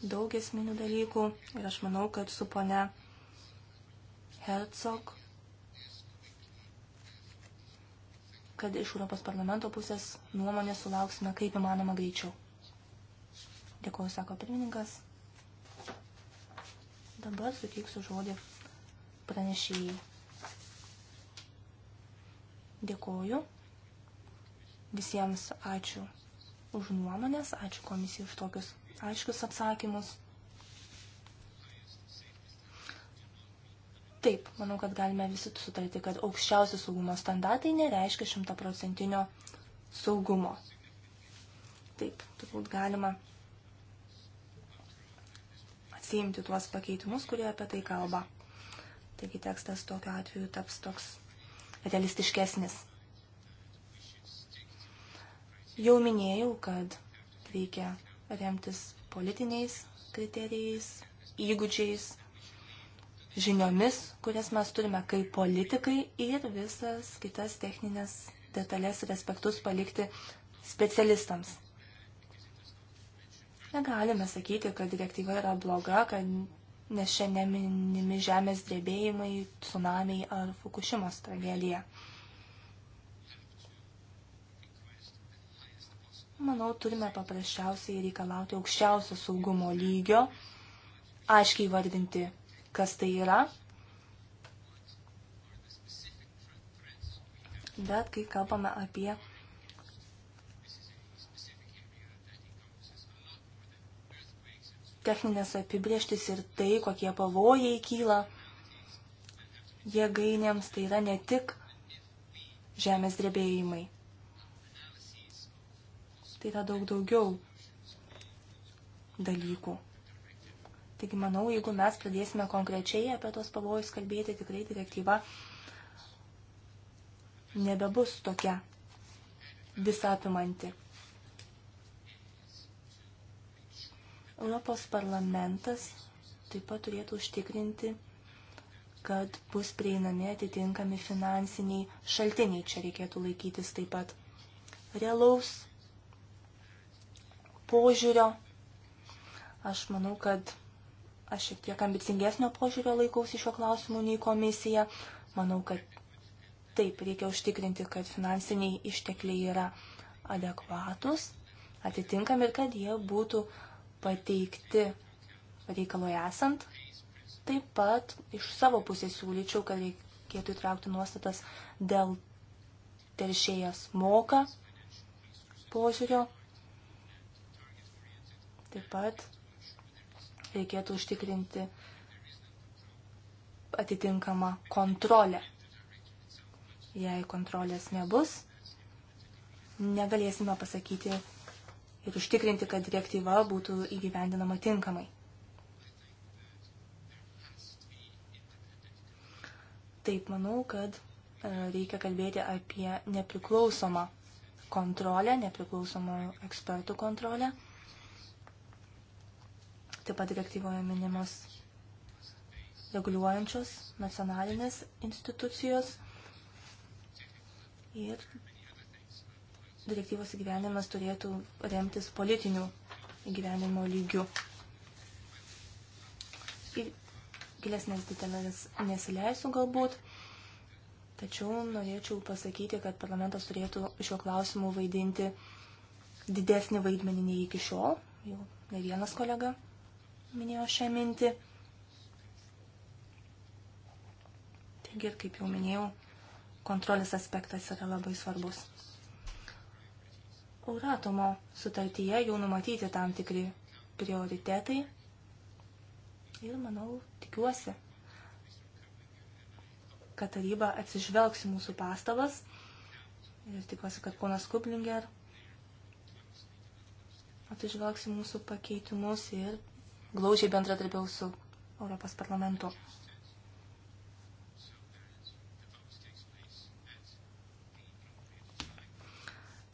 daug esminių dalykų ir aš manau, kad su pone Herzog, kad iš Europos parlamento pusės nuomonės sulauksime kaip įmanoma greičiau. Dėkuoju, sako pirmininkas. Dabar suteiksiu žodį pranešėjai. Dėkuoju. Visiems ačiū už nuomonės, ačiū komisijai už tokius aiškius atsakymus. Taip, manau, kad galime visi sutarti, kad aukščiausi saugumo standartai nereiškia šimtaprocentinio saugumo. Taip, turbūt galima atsiimti tuos pakeitimus, kurie apie tai kalba. Taigi tekstas tokiu atveju taps toks realistiškesnis. Jau minėjau, kad reikia remtis politiniais kriterijais, įgūdžiais, žiniomis, kurias mes turime kaip politikai ir visas kitas techninės detalės ir aspektus palikti specialistams. Negalime sakyti, kad direktyva yra bloga, kad nes šiandien minimi žemės drebėjimai, tsunamiai ar Fukushimos tragedija. Manau, turime paprasčiausiai reikalauti aukščiausio saugumo lygio, aiškiai vardinti, kas tai yra. Bet kai kalbame apie techninės apibrieštis ir tai, kokie pavojai kyla jėgainėms, tai yra ne tik žemės drebėjimai tai yra daug daugiau dalykų. Taigi manau, jeigu mes pradėsime konkrečiai apie tos pavojus kalbėti, tikrai direktyva nebebus tokia visapimanti. Europos parlamentas taip pat turėtų užtikrinti, kad bus prieinami atitinkami finansiniai šaltiniai. Čia reikėtų laikytis taip pat realaus požiūrio. Aš manau, kad aš šiek tiek ambicingesnio požiūrio laikausi šio klausimu nei komisija. Manau, kad taip reikia užtikrinti, kad finansiniai ištekliai yra adekvatus, atitinkami ir kad jie būtų pateikti reikalui esant. Taip pat iš savo pusės siūlyčiau, kad reikėtų įtraukti nuostatas dėl teršėjas moka požiūrio Taip pat reikėtų užtikrinti atitinkamą kontrolę. Jei kontrolės nebus, negalėsime pasakyti ir užtikrinti, kad direktyva būtų įgyvendinama tinkamai. Taip, manau, kad e, reikia kalbėti apie nepriklausomą kontrolę, nepriklausomą ekspertų kontrolę taip pat direktyvoje minimos reguliuojančios nacionalinės institucijos ir direktyvos įgyvenimas turėtų remtis politinių įgyvenimo lygių. Ir gilesnės detalės nesileisiu galbūt, tačiau norėčiau pasakyti, kad parlamentas turėtų šiuo klausimu vaidinti didesnį vaidmenį nei iki šiol, jau ne vienas kolega minėjo šią mintį. Taigi, ir kaip jau minėjau, kontrolės aspektas yra labai svarbus. Euratomo sutartyje jau numatyti tam tikri prioritetai ir, manau, tikiuosi, kad taryba atsižvelgs į mūsų pastabas ir tikiuosi, kad ponas Kublinger atsižvelgs į mūsų pakeitimus ir glaužiai bendradarbiau su Europos parlamentu.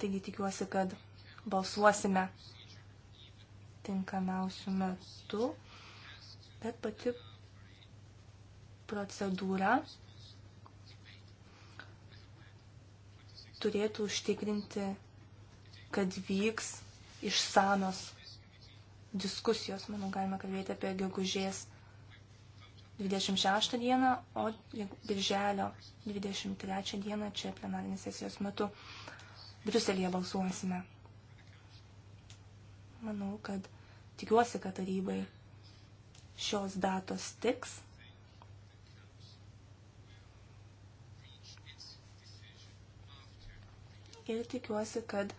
Taigi tikiuosi, kad balsuosime tinkamiausių metų, bet pati procedūra turėtų užtikrinti, kad vyks išsamios diskusijos, manau, galime kalbėti apie gegužės 26 dieną, o birželio 23 dieną čia plenarinės sesijos metu Briuselėje balsuosime. Manau, kad tikiuosi, kad tarybai šios datos tiks. Ir tikiuosi, kad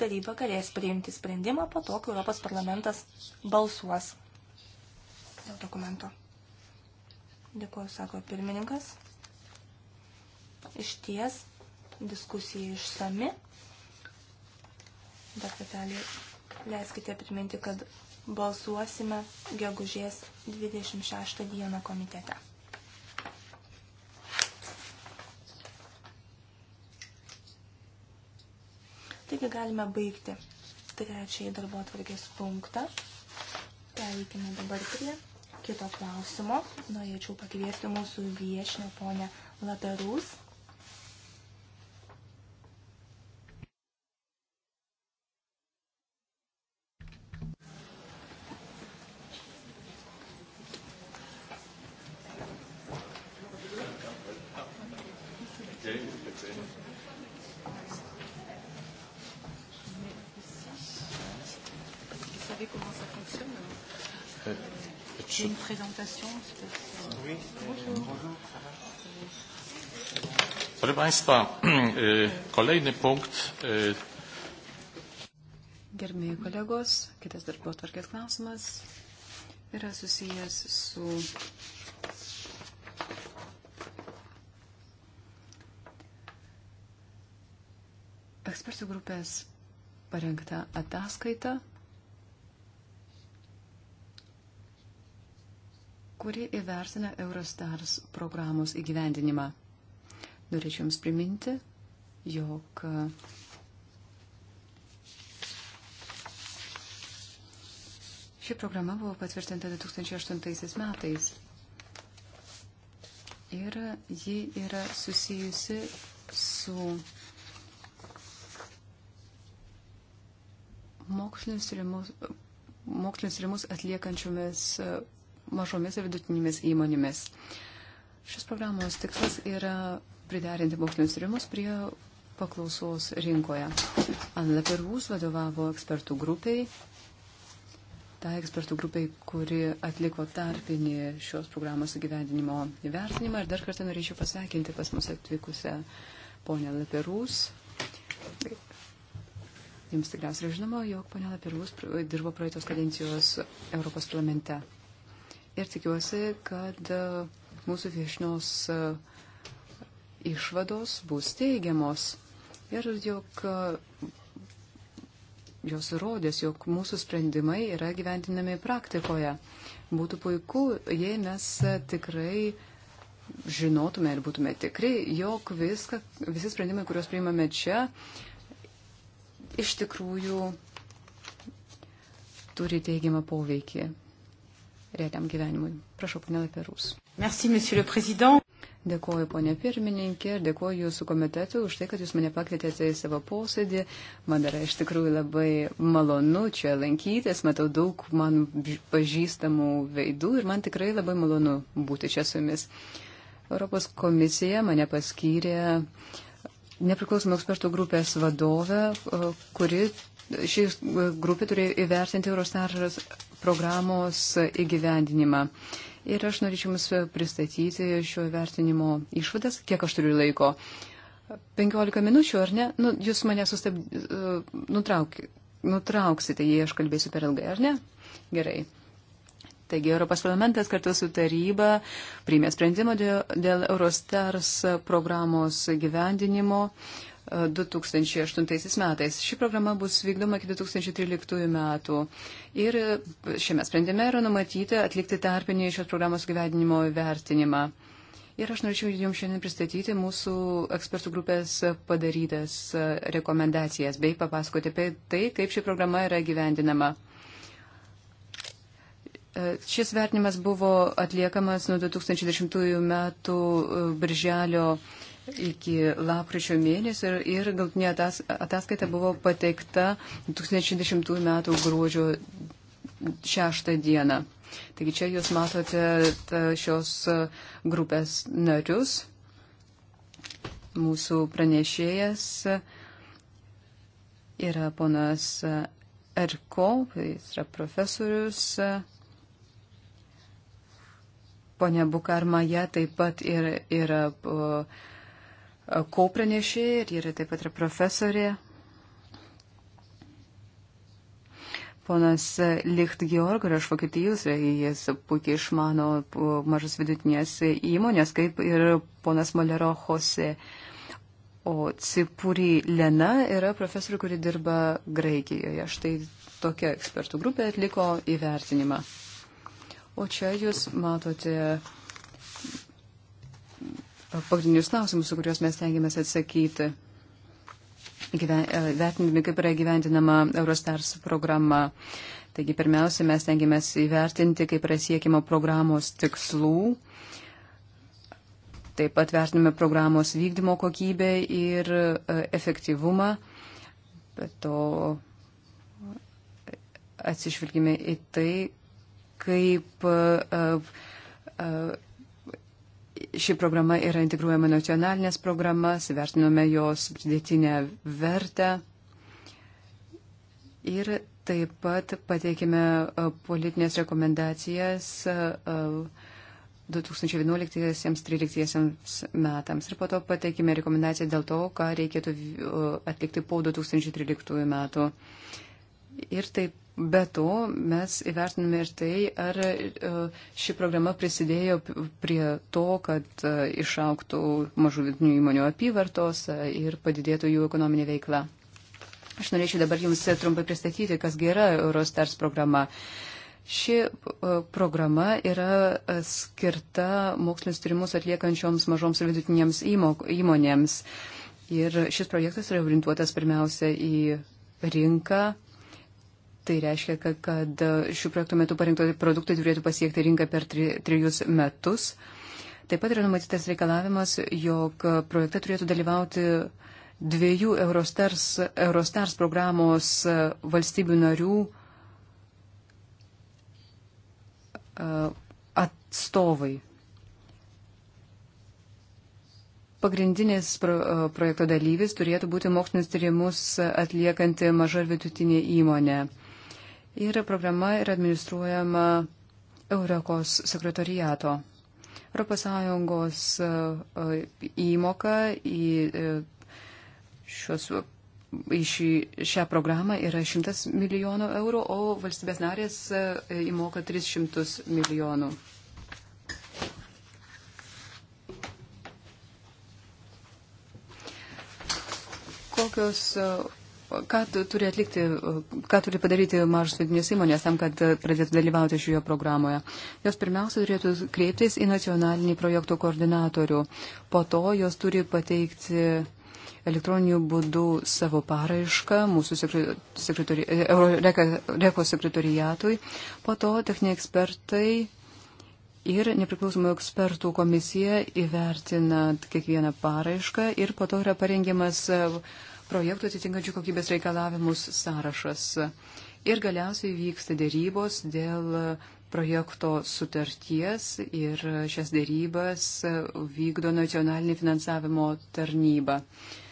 taryba galės priimti sprendimą po to, kai Europos parlamentas balsuos dėl dokumento. Dėkuoju, sako pirmininkas. Iš ties diskusija išsami. Dar kartelį leiskite priminti, kad balsuosime gegužės 26 dieną komitete. Taigi galime baigti trečiąjį darbo atvarkės punktą. Pereikime dabar prie kito klausimo. Norėčiau pakviesti mūsų viešinę ponę Latarus. présentation. Oui. Bonjour. Proszę Państwa, [CLEARS THROAT] kolejny punkt. Gerbėjai kolegos, kitas darbo tvarkės klausimas yra susijęs su ekspertų grupės parengta ataskaita kuri įvertina Eurostars programos įgyvendinimą. Norėčiau Jums priminti, jog uh, Ši programa buvo patvirtinta 2008 metais ir ji yra susijusi su mokslinius tyrimus atliekančiomis uh, mažomis ir vidutinėmis įmonėmis. Šios programos tikslas yra priderinti mokslinius tyrimus prie paklausos rinkoje. Anna Pervūs vadovavo ekspertų grupiai, ta ekspertų grupiai, kuri atliko tarpinį šios programos įgyvendinimo įvertinimą. Ir dar kartą norėčiau pasveikinti pas mus atvykusią ponę Laperūs. Jums tikriausiai žinoma, jog ponė Laperūs dirbo praeitos kadencijos Europos parlamente ir tikiuosi, kad e, mūsų viešnios e, išvados bus teigiamos ir jog e, jos rodės, jog mūsų sprendimai yra gyventinami praktikoje. Būtų puiku, jei mes tikrai žinotume ir būtume tikri, jog viską, visi sprendimai, kuriuos priimame čia, iš tikrųjų turi teigiamą poveikį realiam gyvenimui. Prašau, ponė Laperus. Merci, monsieur le président. Dėkoju, ponė pirmininkė, ir dėkoju jūsų komitetui už tai, kad jūs mane pakvietėte į savo posėdį. Man yra iš tikrųjų labai malonu čia lankytis, matau daug man pažįstamų veidų ir man tikrai labai malonu būti čia su jumis. Europos komisija mane paskyrė nepriklausomų ekspertų grupės vadovę, kuri ši grupė turėjo įvertinti Eurostars programos įgyvendinimą. Ir aš norėčiau Jums pristatyti šio vertinimo išvadas, kiek aš turiu laiko. 15 minučių, ar ne? Nu, jūs mane sustab... E, nutrauk... nutrauksite, jei aš kalbėsiu per ilgai, ar ne? Gerai. Taigi Europos parlamentas kartu su taryba priėmė sprendimą dėl, dėl Eurostars programos gyvendinimo. Uh, 2008 metais. Ši programa bus vykdoma iki 2013 metų. Ir šiame sprendime yra numatyta atlikti tarpinį šios programos gyvenimo vertinimą. Ir aš norėčiau Jums šiandien pristatyti mūsų ekspertų grupės padarytas rekomendacijas bei papasakoti apie tai, kaip ši programa yra gyvendinama. Šis vertinimas buvo atliekamas nuo 2010 metų birželio iki lapkričio mėnesio ir, ir galtinė atas, ataskaita buvo pateikta 2010 m. gruodžio 6 dieną. Taigi čia jūs matote šios grupės narius. Mūsų pranešėjas yra ponas Erko, jis yra profesorius. Pone Bukarmaja taip pat yra, yra uh, kopranešė ir yra taip pat yra profesorė. Ponas Licht Georg yra iš Vokietijos, jis puikiai išmano mažas vidutinės įmonės, kaip ir ponas Molero Jose. O Cipuri Lena yra profesorė, kuri dirba Graikijoje. Štai tokia ekspertų grupė atliko įvertinimą. O čia jūs matote uh, pagrindinius klausimus, kuriuos mes tengiamės atsakyti, e, vertindami, kaip yra gyventinama Eurostars programa. Taigi, pirmiausia, mes tengiamės įvertinti, kaip yra siekima programos tikslų. Taip pat vertiname programos vykdymo kokybę ir e, efektyvumą. Bet to atsižvelgime į tai, kaip uh, uh, ši programa yra integruojama nacionalinės programas, vertinome jos pridėtinę vertę ir taip pat pateikėme politinės rekomendacijas 2011-2013 metams ir po to pateikėme rekomendaciją dėl to, ką reikėtų atlikti po 2013 metų. Ir taip Be to, mes įvertiname ir tai, ar e, ši programa prisidėjo prie to, kad e, išauktų mažų vidinių įmonių apyvartos e, ir padidėtų jų ekonominė veikla. Aš norėčiau dabar Jums trumpai pristatyti, kas yra Eurostars programa. Ši programa yra skirta mokslinis tyrimus atliekančioms mažoms ir vidutinėms įmonėms. Ir šis projektas yra orientuotas pirmiausia į rinką Tai reiškia, kad šių projektų metu parinkto produktai turėtų pasiekti rinką per tri, trijus metus. Taip pat yra numatytas reikalavimas, jog projekte turėtų dalyvauti dviejų Eurostars, Eurostars programos valstybių narių e, atstovai. Pagrindinis pro, e, projekto dalyvis turėtų būti mokslinis tyrimus atliekanti maža ir vidutinė įmonė ir programa yra administruojama Eurekos sekretariato. ES e, e, įmoka į, e, šios, į šį, šią programą yra 100 milijonų eurų, o valstybės narės įmoka 300 milijonų. Kokios ką turi atlikti, ką turi padaryti mažos vidinės įmonės tam, kad pradėtų dalyvauti šioje programoje. Jos pirmiausia turėtų kreiptis į nacionalinį projektų koordinatorių. Po to jos turi pateikti elektroniniu būdu savo paraišką mūsų sekretori, Euroreko sekretoriatui. Po to techniniai ekspertai ir nepriklausomų ekspertų komisija įvertina kiekvieną paraišką ir po to yra parengiamas projektų atitinkančių kokybės reikalavimus sąrašas. Ir galiausiai vyksta dėrybos dėl projekto sutarties ir šias dėrybas vykdo nacionalinė finansavimo tarnyba. Uh,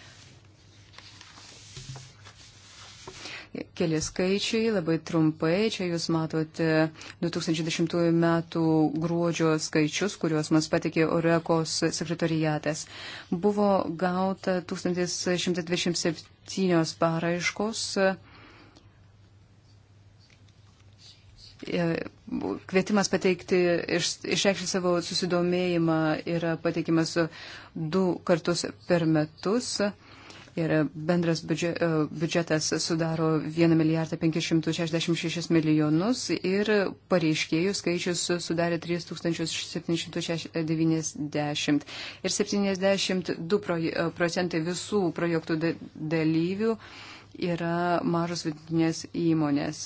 Keli skaičiai, labai trumpai. Čia jūs matote 2010 m. gruodžio skaičius, kuriuos mums patikė Orekos sekretariatas. Buvo gauta 1127 paraiškos. E, kvietimas pateikti, iš, išreikšti savo susidomėjimą yra pateikimas du kartus per metus ir bendras e, biudžetas sudaro 1 milijardą 566 milijonus ir pareiškėjų skaičius sudarė 3790 e, ir 72 e, procentai visų projektų dalyvių yra mažos vidinės įmonės.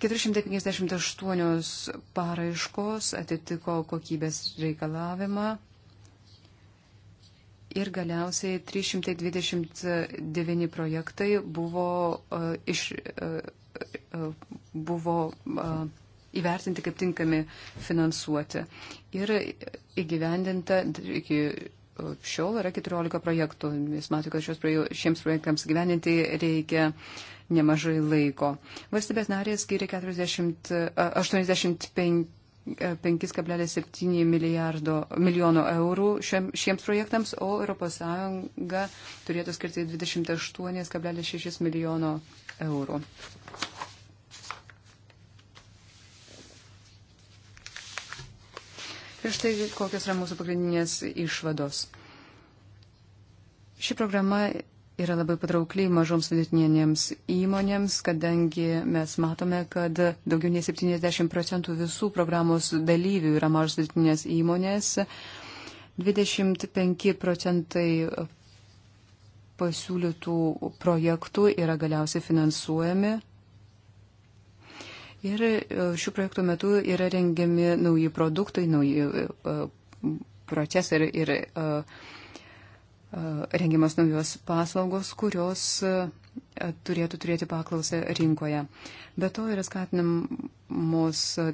458 paraiškos atitiko kokybės reikalavimą ir galiausiai 329 projektai buvo, uh, iš, uh, uh, buvo uh, įvertinti kaip tinkami finansuoti. Ir įgyvendinta iki šiol yra 14 projektų. Jis matė, kad šios, šiems projektams gyveninti reikia nemažai laiko. Valstybės narės skiria 40, 85 5,7 milijono eurų šiem, šiems projektams, o ES turėtų skirti 28,6 milijono eurų. Ir štai kokios yra mūsų pagrindinės išvados. Ši programa yra labai patraukliai mažoms vidutinėms įmonėms, kadangi mes matome, kad daugiau nei 70 procentų visų programos dalyvių yra mažos vidutinės įmonės, 25 procentai pasiūlytų projektų yra galiausiai finansuojami. Ir e, šių projektų metu yra rengiami nauji produktai, nauji e, e, procesai ir, ir uh, rengiamas naujos paslaugos, kurios e, turėtų turėti paklausę rinkoje. Be to yra skatinamos e,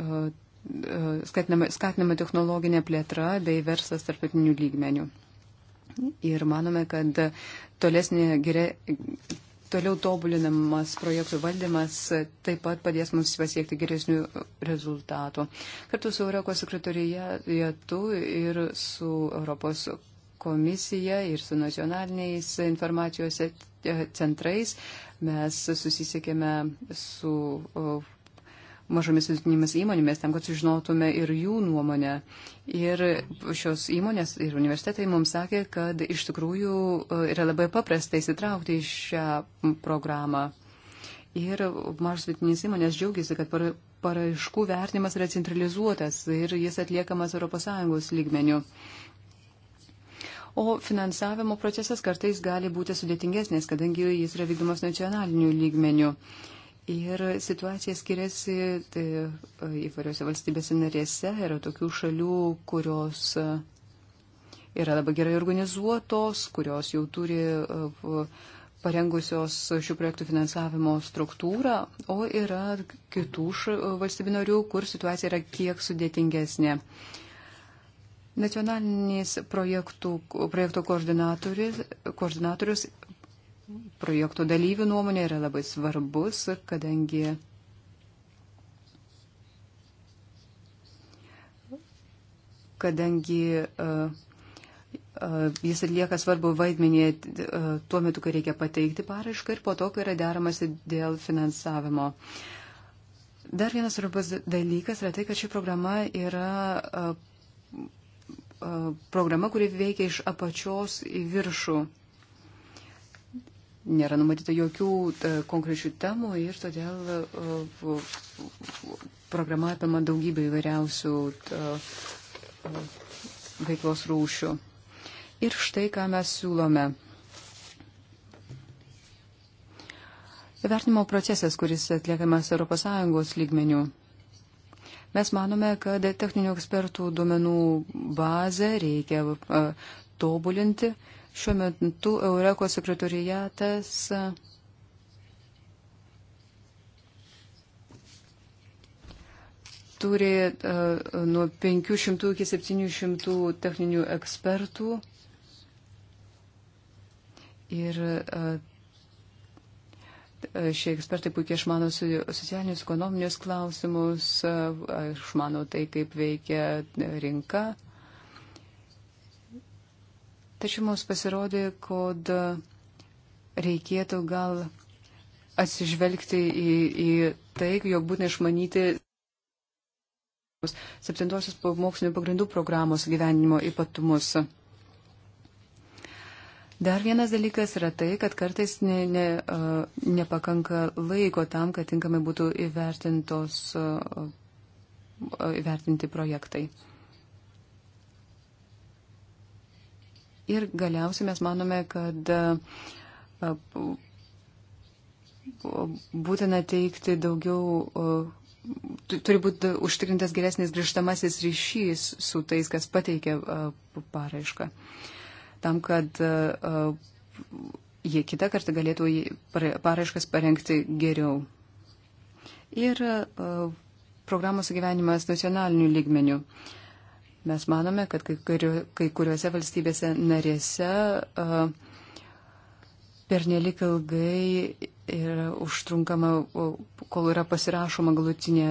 e, skatinama, skatinama technologinė plėtra bei verslas tarptautinių lygmenių. Ir manome, kad tolesnė gerė, toliau tobulinamas projektų valdymas taip pat padės mums pasiekti geresnių rezultatų. Kartu su Europos sekretoriatu ir su Europos komisija ir su nacionaliniais informacijos centrais. Mes susisiekėme su mažomis vidutinėmis įmonėmis tam, kad sužinotume ir jų nuomonę. Ir šios įmonės ir universitetai mums sakė, kad iš tikrųjų yra labai paprasta įsitraukti į šią programą. Ir mažos vidutinės įmonės džiaugiasi, kad paraiškų vertinimas yra centralizuotas ir jis atliekamas ES lygmeniu o finansavimo procesas kartais gali būti sudėtingesnis, kadangi jis yra vykdomas nacionaliniu lygmeniu. Ir situacija skiriasi tai, e, įvairiose valstybėse narėse, yra tokių šalių, kurios e, yra labai gerai organizuotos, kurios jau turi e, parengusios šių projektų finansavimo struktūrą, o yra kitų valstybių narių, kur situacija yra kiek sudėtingesnė. Uh, Nacionalinis projektų, projektų koordinatorius, koordinatorius projektų dalyvių nuomonė yra labai svarbus, kadangi kadangi uh, uh, jis atlieka svarbu vaidmenį uh, tuo metu, kai reikia pateikti paraišką ir po to, kai yra deramasi dėl finansavimo. Dar vienas svarbus dalykas yra tai, kad ši programa yra uh, programa, kuri veikia iš apačios į viršų. Nėra numatyta jokių konkrečių temų ir todėl programa apima daugybę įvairiausių veiklos rūšių. Ir štai ką mes siūlome. Vertinimo procesas, kuris atliekamas ES lygmenių. Mes manome, kad techninių ekspertų duomenų bazę reikia e, tobulinti. Šiuo metu Eureko sekretorijatas e, turi e, nuo 500 iki 700 techninių ekspertų. Ir uh, E, šie ekspertai puikiai išmano socialinius, ekonominius klausimus, e, išmano tai, kaip veikia e, rinka. Tačiau mums pasirodė, kad reikėtų gal atsižvelgti į, į tai, jog būtina išmanyti septintosios mokslinio pagrindų programos gyvenimo ypatumus. Dar vienas dalykas yra tai, kad kartais ne, ne, nepakanka laiko tam, kad tinkamai būtų įvertintos, įvertinti projektai. Ir galiausiai mes manome, kad būtina teikti daugiau, turi būti užtikrintas geresnis grįžtamasis ryšys su tais, kas pateikia paraišką. Uh, tam, kad e, e, jie kitą kartą galėtų paraiškas parengti geriau. Ir e, programos gyvenimas nacionaliniu lygmeniu. Mes manome, kad kai, kurio, kai kuriuose valstybėse narėse pernelik ilgai ir užtrunkama, kol yra pasirašoma galutinė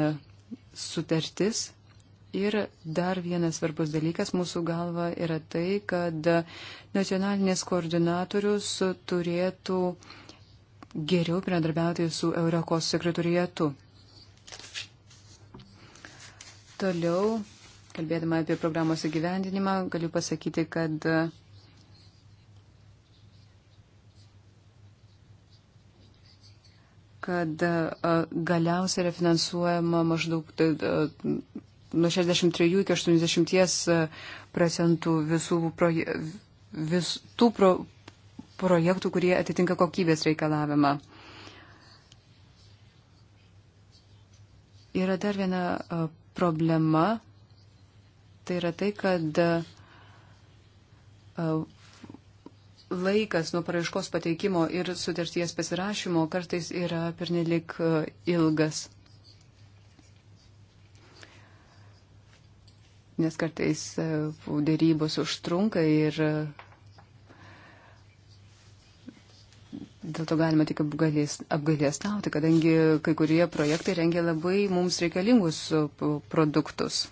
sutartis Ir dar vienas svarbus dalykas mūsų galva yra tai, kad nacionalinės koordinatorius turėtų geriau bendradarbiauti su Eurokos sekretorijatu. Toliau, kalbėdama apie programos įgyvendinimą, galiu pasakyti, kad kad galiausiai yra finansuojama maždaug tai, nuo 63 iki 80 e, procentų visų proje, vis, tų pro, projektų, kurie atitinka kokybės reikalavimą. Yra dar viena e, problema. Tai yra tai, kad e, laikas nuo paraiškos pateikimo ir sutarties pasirašymo kartais yra pernelik ilgas. nes kartais e, dėrybos užtrunka ir e, dėl to galima tik apgailėstauti, kadangi kai kurie projektai rengia labai mums reikalingus e, produktus.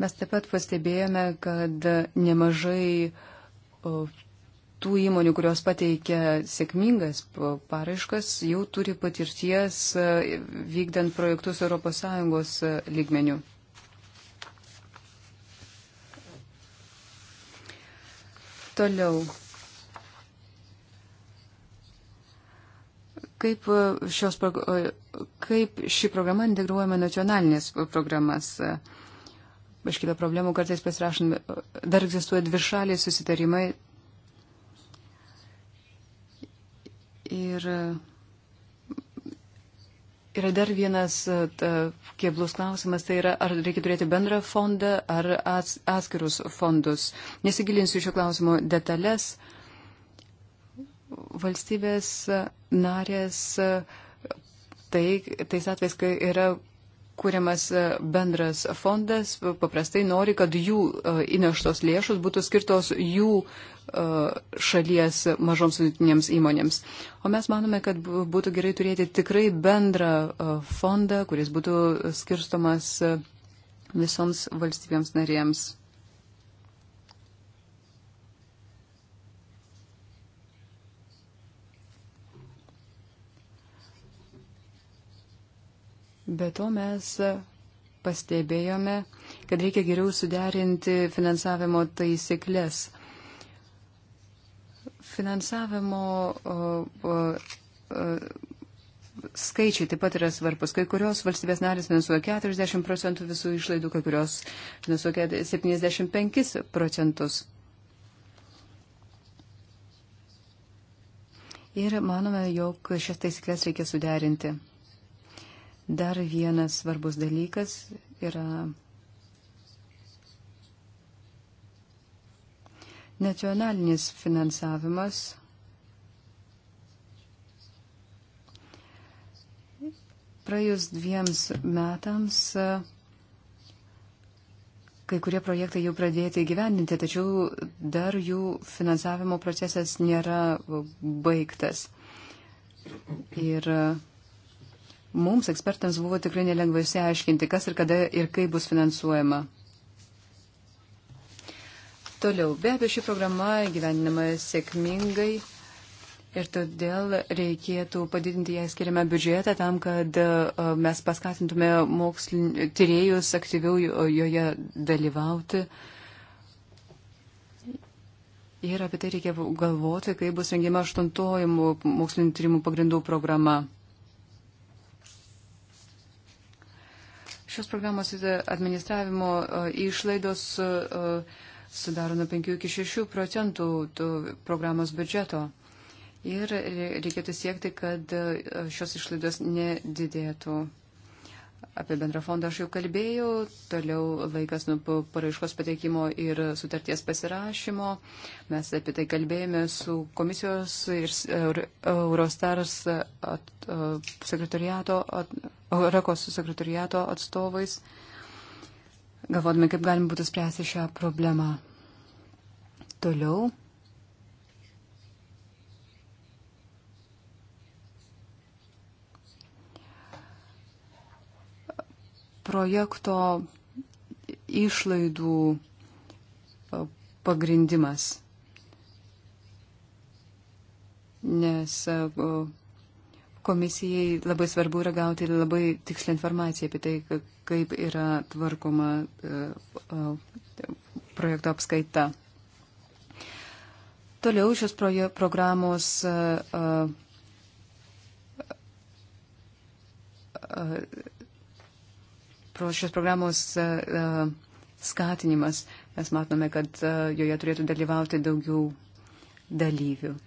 Mes taip pat pastebėjome, kad nemažai tų įmonių, kurios pateikia sėkmingas paraiškas, jau turi patirties e, vykdant projektus ES e, lygmenių. Toliau. Kaip, e, šios, kaip ši programa integruojama nacionalinės programas? Aš kitą problemų kartais pasirašant, dar egzistuoja dvišaliai susitarimai Ir yra dar vienas e, kieblus klausimas, tai yra, ar reikia turėti bendrą fondą ar ats, atskirus fondus. Nesigilinsiu šio klausimo detalės. Valstybės narės e, tai, tais atvejais, kai yra kuriamas e, bendras fondas, paprastai nori, kad jų e, įneštos lėšos būtų skirtos jų e, šalies mažoms vidutinėms įmonėms. O mes manome, kad būtų gerai turėti tikrai bendrą fondą, kuris būtų skirstomas visoms valstybėms narėms. Be to mes pastebėjome, kad reikia geriau suderinti finansavimo taisyklės. Finansavimo o, o, o, skaičiai taip pat yra svarbus. Kai kurios valstybės narės finansuoja 40 procentų visų išlaidų, kai kurios finansuoja 75 procentus. Ir manome, jog šias taisyklės reikia suderinti. Dar vienas svarbus dalykas yra nacionalinis finansavimas. Praėjus dviems metams kai kurie projektai jau pradėti gyvendinti, tačiau dar jų finansavimo procesas nėra baigtas. Ir Mums, ekspertams, buvo tikrai nelengva išsiaiškinti, kas ir kada ir kaip bus finansuojama. Toliau, be abejo, ši programa gyvenama sėkmingai ir todėl reikėtų padidinti ją skiriamą biudžetą tam, kad e, mes paskatintume mokslin... tyriejus aktyviau joje dalyvauti. Ir apie tai reikia galvoti, kai bus rengiama aštuntojų mokslinio tyrimų pagrindų programa. Šios programos administravimo e, išlaidos e, sudaro nuo 5 iki 6 procentų programos biudžeto. Ir reikėtų siekti, kad e, šios išlaidos nedidėtų. Apie bendrą fondą aš jau kalbėjau, toliau laikas nuo paraiškos pateikimo ir sutarties pasirašymo. Mes apie tai kalbėjome su komisijos ir Eurostars at, sekretariato at, Rakos sekretariato atstovais, galvodami, kaip galim būtų spręsti šią problemą. Toliau. Projekto išlaidų pagrindimas. Nes uh, Komisijai labai svarbu yra gauti labai tikslę informaciją apie tai, kaip yra tvarkoma e, projekto apskaita. Toliau šios programos e, e, pro šios programos skatinimas. Mes matome, kad joje turėtų dalyvauti daugiau dalyvių.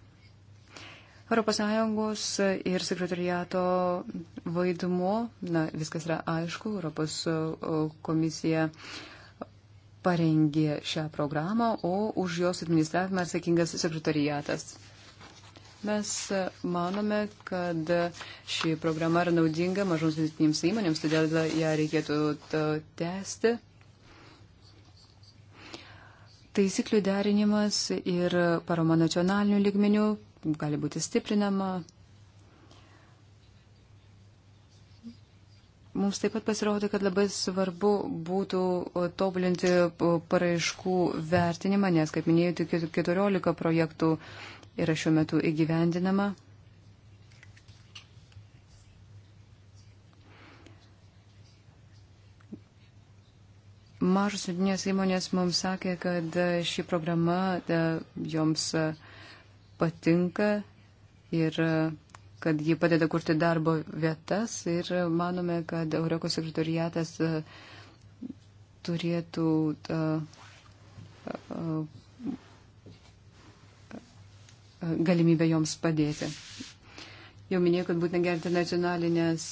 ES ir sekretariato vaidmuo, na, viskas yra aišku, Europos e, komisija parengė šią programą, o už jos administravimą atsakingas sekretariatas. Mes e, manome, kad ši programa yra naudinga mažoms vidutinėms įmonėms, todėl ją reikėtų tęsti. Taisyklių derinimas ir paroma nacionalinių ligmenių gali būti stiprinama. Mums taip pat pasirodė, kad labai svarbu būtų tobulinti paraiškų vertinimą, nes, kaip minėjote, 14 projektų yra šiuo metu įgyvendinama. Mažos vidinės įmonės mums sakė, kad e, ši programa da, e, joms. Uh, patinka ir e, kad ji padeda kurti darbo vietas ir manome, kad Eurokos sekretariatas e, turėtų e, galimybę joms padėti. Jau minėjau, kad būtent gerti nacionalinės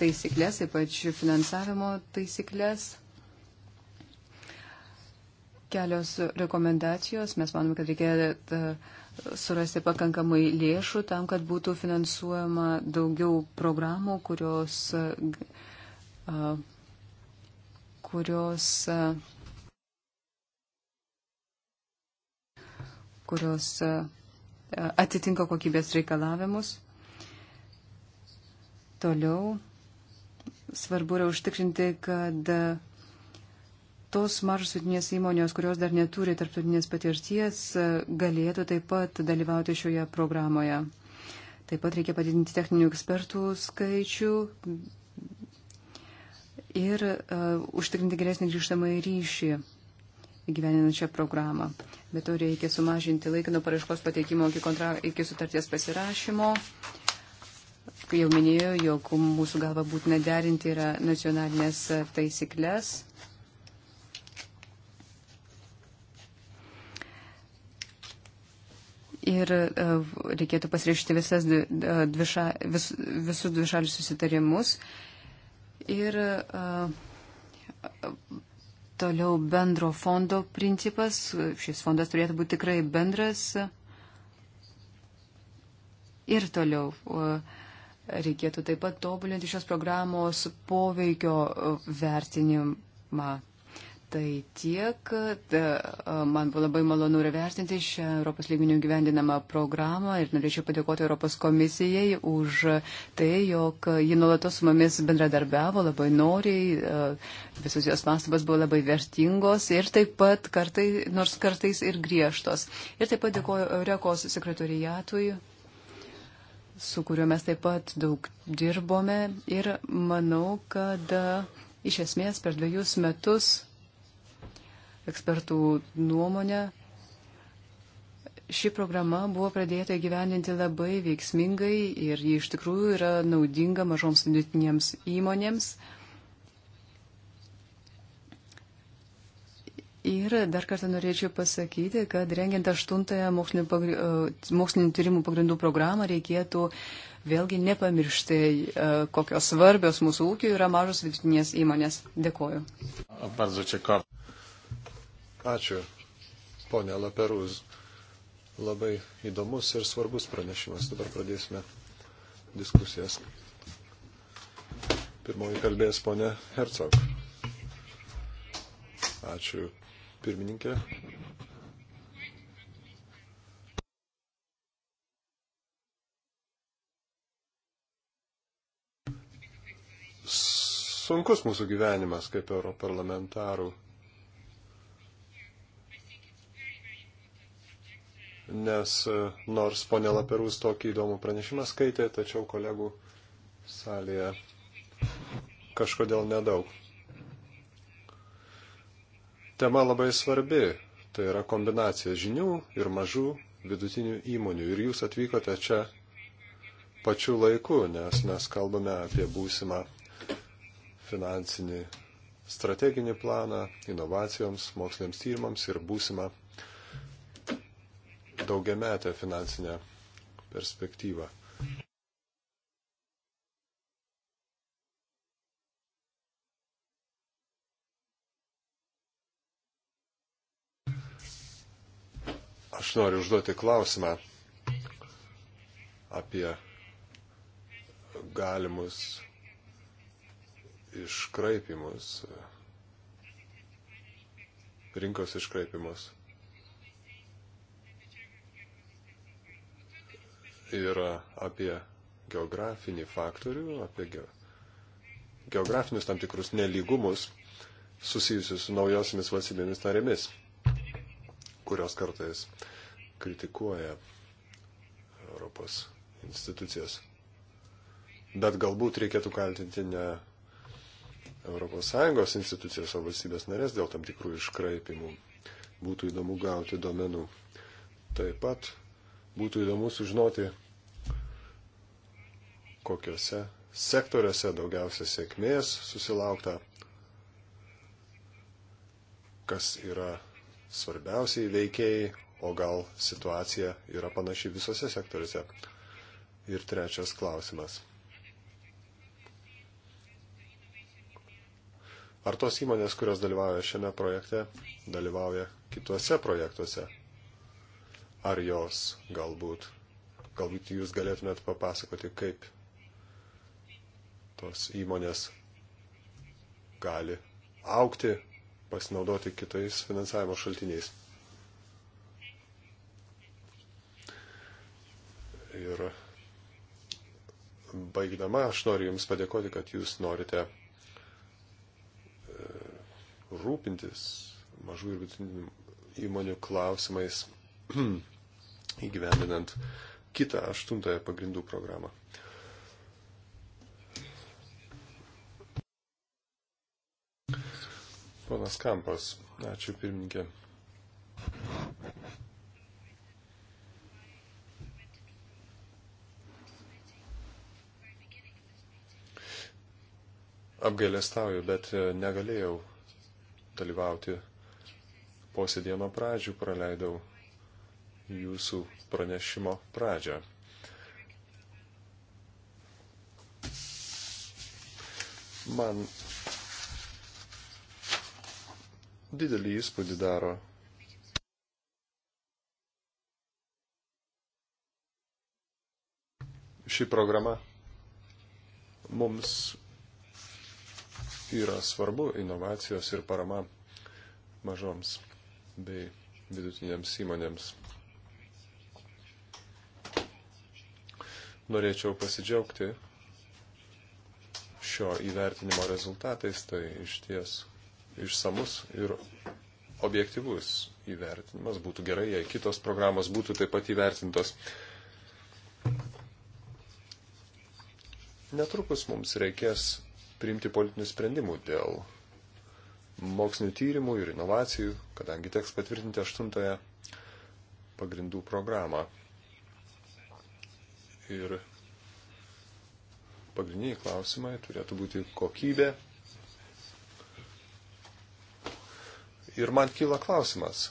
taisyklės, ypač finansavimo taisyklės kelios rekomendacijos. Mes manome, kad reikia e, surasti pakankamai lėšų tam, kad būtų finansuojama daugiau programų, kurios, e, kurios, e, kurios atitinka kokybės reikalavimus. Toliau svarbu yra užtikrinti, kad tos mažos vidinės įmonės, kurios dar neturi tarptautinės patirties, galėtų taip pat dalyvauti šioje programoje. Taip pat reikia padidinti techninių ekspertų skaičių ir uh, užtikrinti geresnį grįžtamą ryšį įgyveninant šią programą. Bet to reikia sumažinti laiką nuo paraiškos pateikimo iki, kontra, iki sutarties pasirašymo. Uh, jau minėjau, jog mūsų galva būtina derinti yra nacionalinės taisyklės ir e, reikėtų pasirašyti visas dviša, vis, visus dvišalius susitarimus ir e, toliau bendro fondo principas. Šis fondas turėtų būti tikrai bendras. Ir toliau e, reikėtų taip pat tobulinti šios programos poveikio vertinimą. Tai tiek, man buvo labai malonu ir vertinti šią Europos lygmenių gyvendinamą programą ir norėčiau padėkoti Europos komisijai už tai, jog ji nuolatos su mumis bendradarbiavo labai noriai, visus jos pastabas buvo labai vertingos ir taip pat kartai, nors kartais ir griežtos. Ir taip pat dėkoju Eurekos sekretorijatui su kuriuo mes taip pat daug dirbome ir manau, kad iš esmės per dviejus metus ekspertų nuomonę, ši programa buvo pradėta gyveninti labai veiksmingai ir ji iš tikrųjų yra naudinga mažoms vidutinėms įmonėms. Ir dar kartą norėčiau pasakyti, kad rengiant aštuntąją mokslinio, pagri... E, mokslinio tyrimų pagrindų programą reikėtų vėlgi nepamiršti, e, kokios svarbios mūsų ūkių yra mažos vidutinės įmonės. Dėkoju. Ačiū, ponė Laperūz. Labai įdomus ir svarbus pranešimas. Dabar pradėsime diskusijas. Pirmoji kalbės ponė Hercog. Ačiū, pirmininkė. sunkus mūsų gyvenimas kaip europarlamentarų. nes e, nors ponė Laperus tokį įdomų pranešimą skaitė, tačiau kolegų salėje kažkodėl nedaug. Tema labai svarbi, tai yra kombinacija žinių ir mažų vidutinių įmonių. Ir jūs atvykote čia pačiu laiku, nes mes kalbame apie būsimą finansinį strateginį planą inovacijoms, moksliniams tyrimams ir būsimą daugiametę finansinę perspektyvą. Aš noriu užduoti klausimą apie galimus iškraipimus, rinkos iškraipimus. ir apie geografinį faktorių, apie geografinius tam tikrus neligumus susijusius su naujosiamis valstybėmis narėmis, kurios kartais kritikuoja Europos institucijas. Bet galbūt reikėtų kaltinti ne ES institucijas, o valstybės narės dėl tam tikrų iškraipimų. Būtų įdomu gauti domenų. Taip pat Būtų įdomu sužinoti, kokiuose sektoriuose daugiausia sėkmės susilaukta, kas yra svarbiausiai veikėjai, o gal situacija yra panaši visose sektoriuose. Ir trečias klausimas. Ar tos įmonės, kurios dalyvauja šiame projekte, dalyvauja kituose projektuose? ar jos galbūt. Galbūt jūs galėtumėt papasakoti, kaip tos įmonės gali aukti, pasinaudoti kitais finansavimo šaltiniais. Ir baigdama aš noriu Jums padėkoti, kad Jūs norite e, rūpintis mažų ir vidutinių įmonių klausimais [CLEARS THROAT] įgyvendinant kitą aštuntąją pagrindų programą. Ponas Kampas, ačiū pirmininkė. Apgailestauju, bet negalėjau dalyvauti posėdėje nuo pradžių, praleidau jūsų pranešimo pradžią. Man didelį įspūdį daro ši programa mums yra svarbu inovacijos ir parama mažoms bei vidutinėms įmonėms. norėčiau pasidžiaugti šio įvertinimo rezultatais, tai iš ties išsamus ir objektivus įvertinimas. Būtų gerai, jei kitos programos būtų taip pat įvertintos. Netrukus mums reikės priimti politinių sprendimų dėl mokslinių tyrimų ir inovacijų, kadangi teks patvirtinti aštuntąją pagrindų programą ir pagrindiniai klausimai turėtų būti kokybė. Ir man kyla klausimas,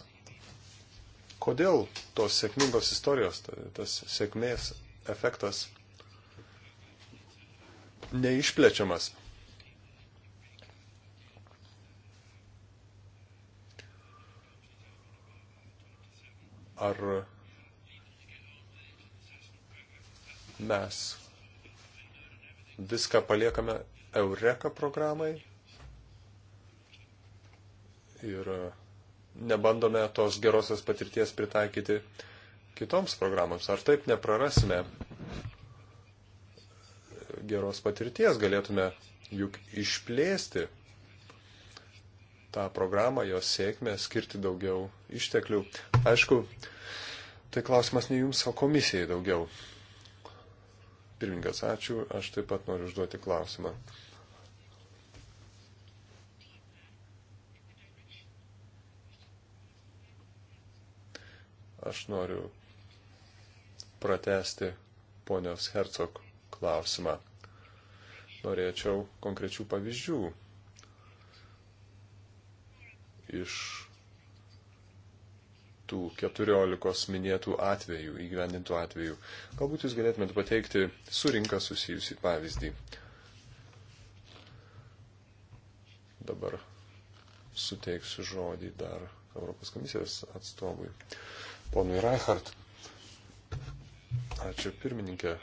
kodėl tos sėkmingos istorijos, tas sėkmės efektas neišplečiamas. Ar mes viską paliekame Eureka programai ir e, nebandome tos gerosios patirties pritaikyti kitoms programoms. Ar taip neprarasime geros patirties, galėtume juk išplėsti tą programą, jos sėkmę, skirti daugiau išteklių. Aišku, tai klausimas ne jums, o komisijai daugiau. Pirmingas, ačiū. Aš taip pat noriu užduoti klausimą. Aš noriu pratesti ponios Hercog klausimą. Norėčiau konkrečių pavyzdžių iš tų 14 minėtų atvejų, įgyvendintų atvejų. Galbūt jūs galėtumėte pateikti su rinka susijusį pavyzdį. Dabar suteiksiu žodį dar Europos komisijos atstovui, ponui Reichardt. Ačiū pirmininkė.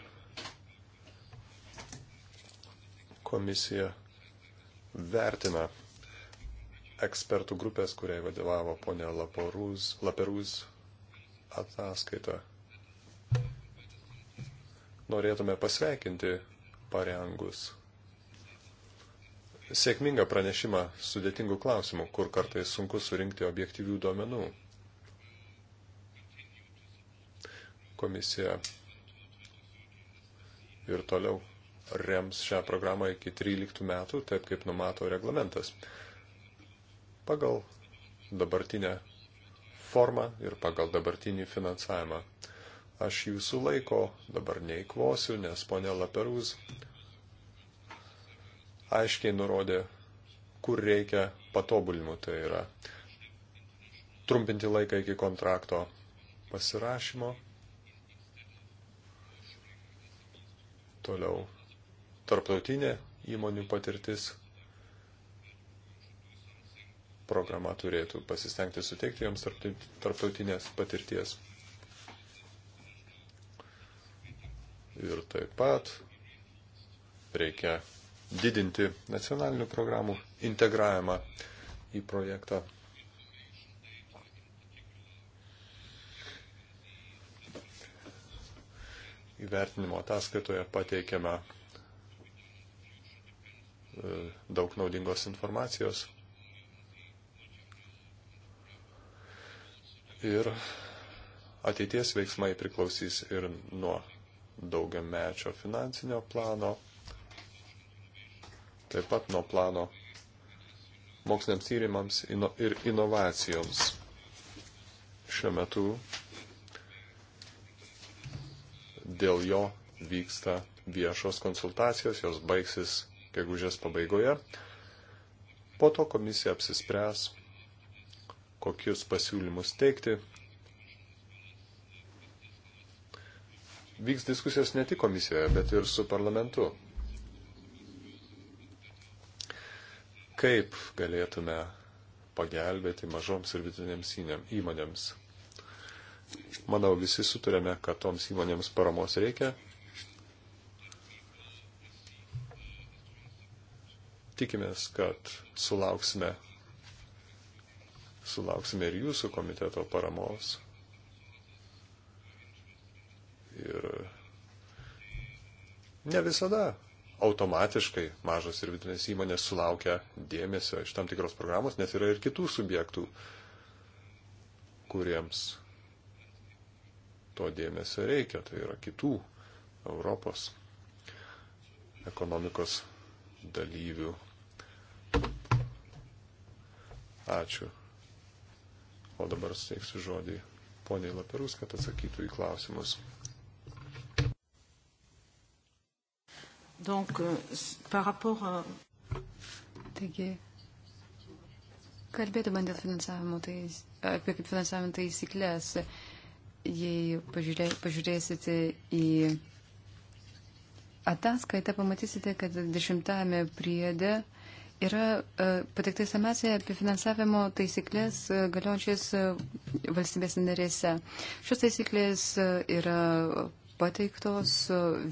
Komisija vertina ekspertų grupės, kuriai vadovavo ponė Laporuz, Laperuz ataskaita. Norėtume pasveikinti parengus sėkmingą pranešimą sudėtingų klausimų, kur kartais sunku surinkti objektyvių duomenų. Komisija ir toliau rems šią programą iki 13 metų, taip kaip numato reglamentas pagal dabartinę formą ir pagal dabartinį finansavimą. Aš jūsų laiko dabar neįkvosiu, nes ponė Laperūz aiškiai nurodė, kur reikia patobulimų. Tai yra trumpinti laiką iki kontrakto pasirašymo. Toliau tarptautinė įmonių patirtis programa turėtų pasistengti suteikti joms tarptautinės patirties. Ir taip pat reikia didinti nacionalinių programų integravimą į projektą. Įvertinimo ataskaitoje pateikiame daug naudingos informacijos ir ateities veiksmai priklausys ir nuo daugiamečio finansinio plano, taip pat nuo plano moksliniams tyrimams ir inovacijoms. Šiuo metu dėl jo vyksta viešos konsultacijos, jos baigsis gegužės pabaigoje. Po to komisija apsispręs, kokius pasiūlymus teikti. Vyks diskusijos ne tik komisijoje, bet ir su parlamentu. Kaip galėtume pagelbėti mažoms ir vidutinėms įmonėms? Manau, visi sutarėme, kad toms įmonėms paramos reikia. Tikimės, kad sulauksime sulauksime ir jūsų komiteto paramos. Ir ne visada automatiškai mažos ir vidutinės įmonės sulaukia dėmesio iš tam tikros programos, nes yra ir kitų subjektų, kuriems to dėmesio reikia, tai yra kitų Europos ekonomikos dalyvių. Ačiū. O dabar steiksiu žodį poniai Laperus, kad atsakytų į klausimus. Donc, euh, par rapport à... Euh, Taigi, kalbėdama dėl finansavimo, tai, apie kaip finansavimo taisyklės, jei pažiūrė, pažiūrėsite į ataskaitą, pamatysite, kad dešimtame priede uh, Yra e, pateikta informacija apie finansavimo taisyklės e, galiojančias e, valstybės narėse. Šios taisyklės yra pateiktos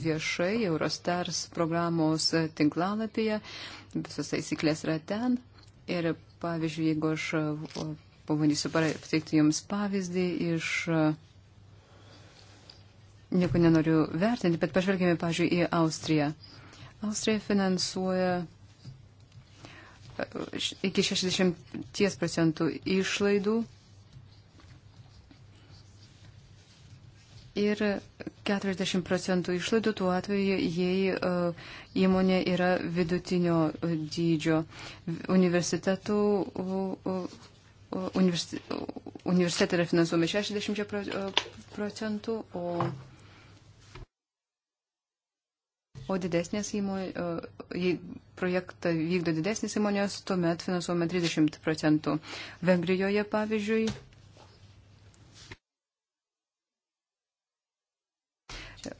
viešai Eurostars programos tinklalapyje. Visos taisyklės yra ten. Ir pavyzdžiui, jeigu aš pabandysiu pateikti Jums pavyzdį iš. Nieko nenoriu vertinti, bet pažvelgime, pažiūrėjau, į Austriją. Austrija finansuoja iki 60 procentų išlaidų ir 40 procentų išlaidų tuo atveju, jei e, įmonė yra vidutinio e, dydžio. Universitetų, universitetai yra finansuomi 60 e, procentų, o o didesnės įmonės, jei projektą vykdo didesnės įmonės, tuomet finansuojame 30 procentų. Vengrijoje, pavyzdžiui,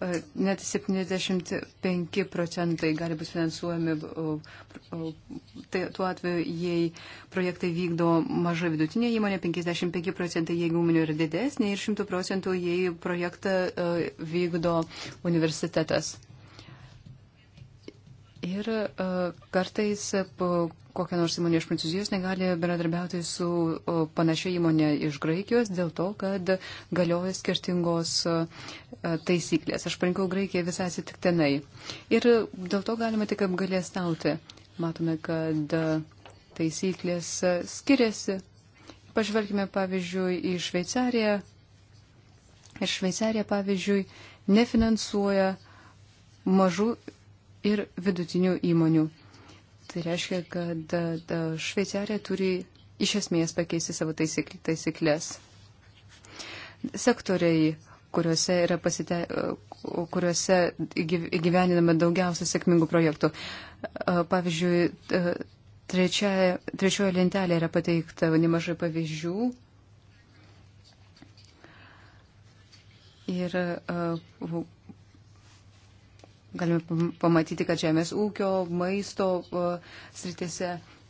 e, Net 75 procentai gali būti finansuojami tai, tuo atveju, jei projektai vykdo maža vidutinė įmonė, 55 procentai, jeigu įmonė yra didesnė ir 100 procentų, jei projektą e, vykdo universitetas. Ir e, kartais kokia nors įmonė iš Prancūzijos negali bendradarbiauti su panašia įmonė iš Graikijos dėl to, kad galioja skirtingos e, taisyklės. Aš parinkau Graikiją visai atsitiktinai. Ir dėl to galima tik apgalėstauti. Matome, kad taisyklės skiriasi. Pažvelkime, pavyzdžiui, į Šveicariją. Ir Šveicarija, pavyzdžiui, nefinansuoja mažų ir vidutinių įmonių. Tai reiškia, kad Šveicarija turi iš esmės pakeisti savo taisyklės. Sektoriai, kuriuose, pasite, kuriuose gyveniname daugiausia sėkmingų projektų. Pavyzdžiui, trečia, trečioje lentelėje yra pateikta nemažai pavyzdžių. Ir Galime pamatyti, kad žemės ūkio, maisto sritėse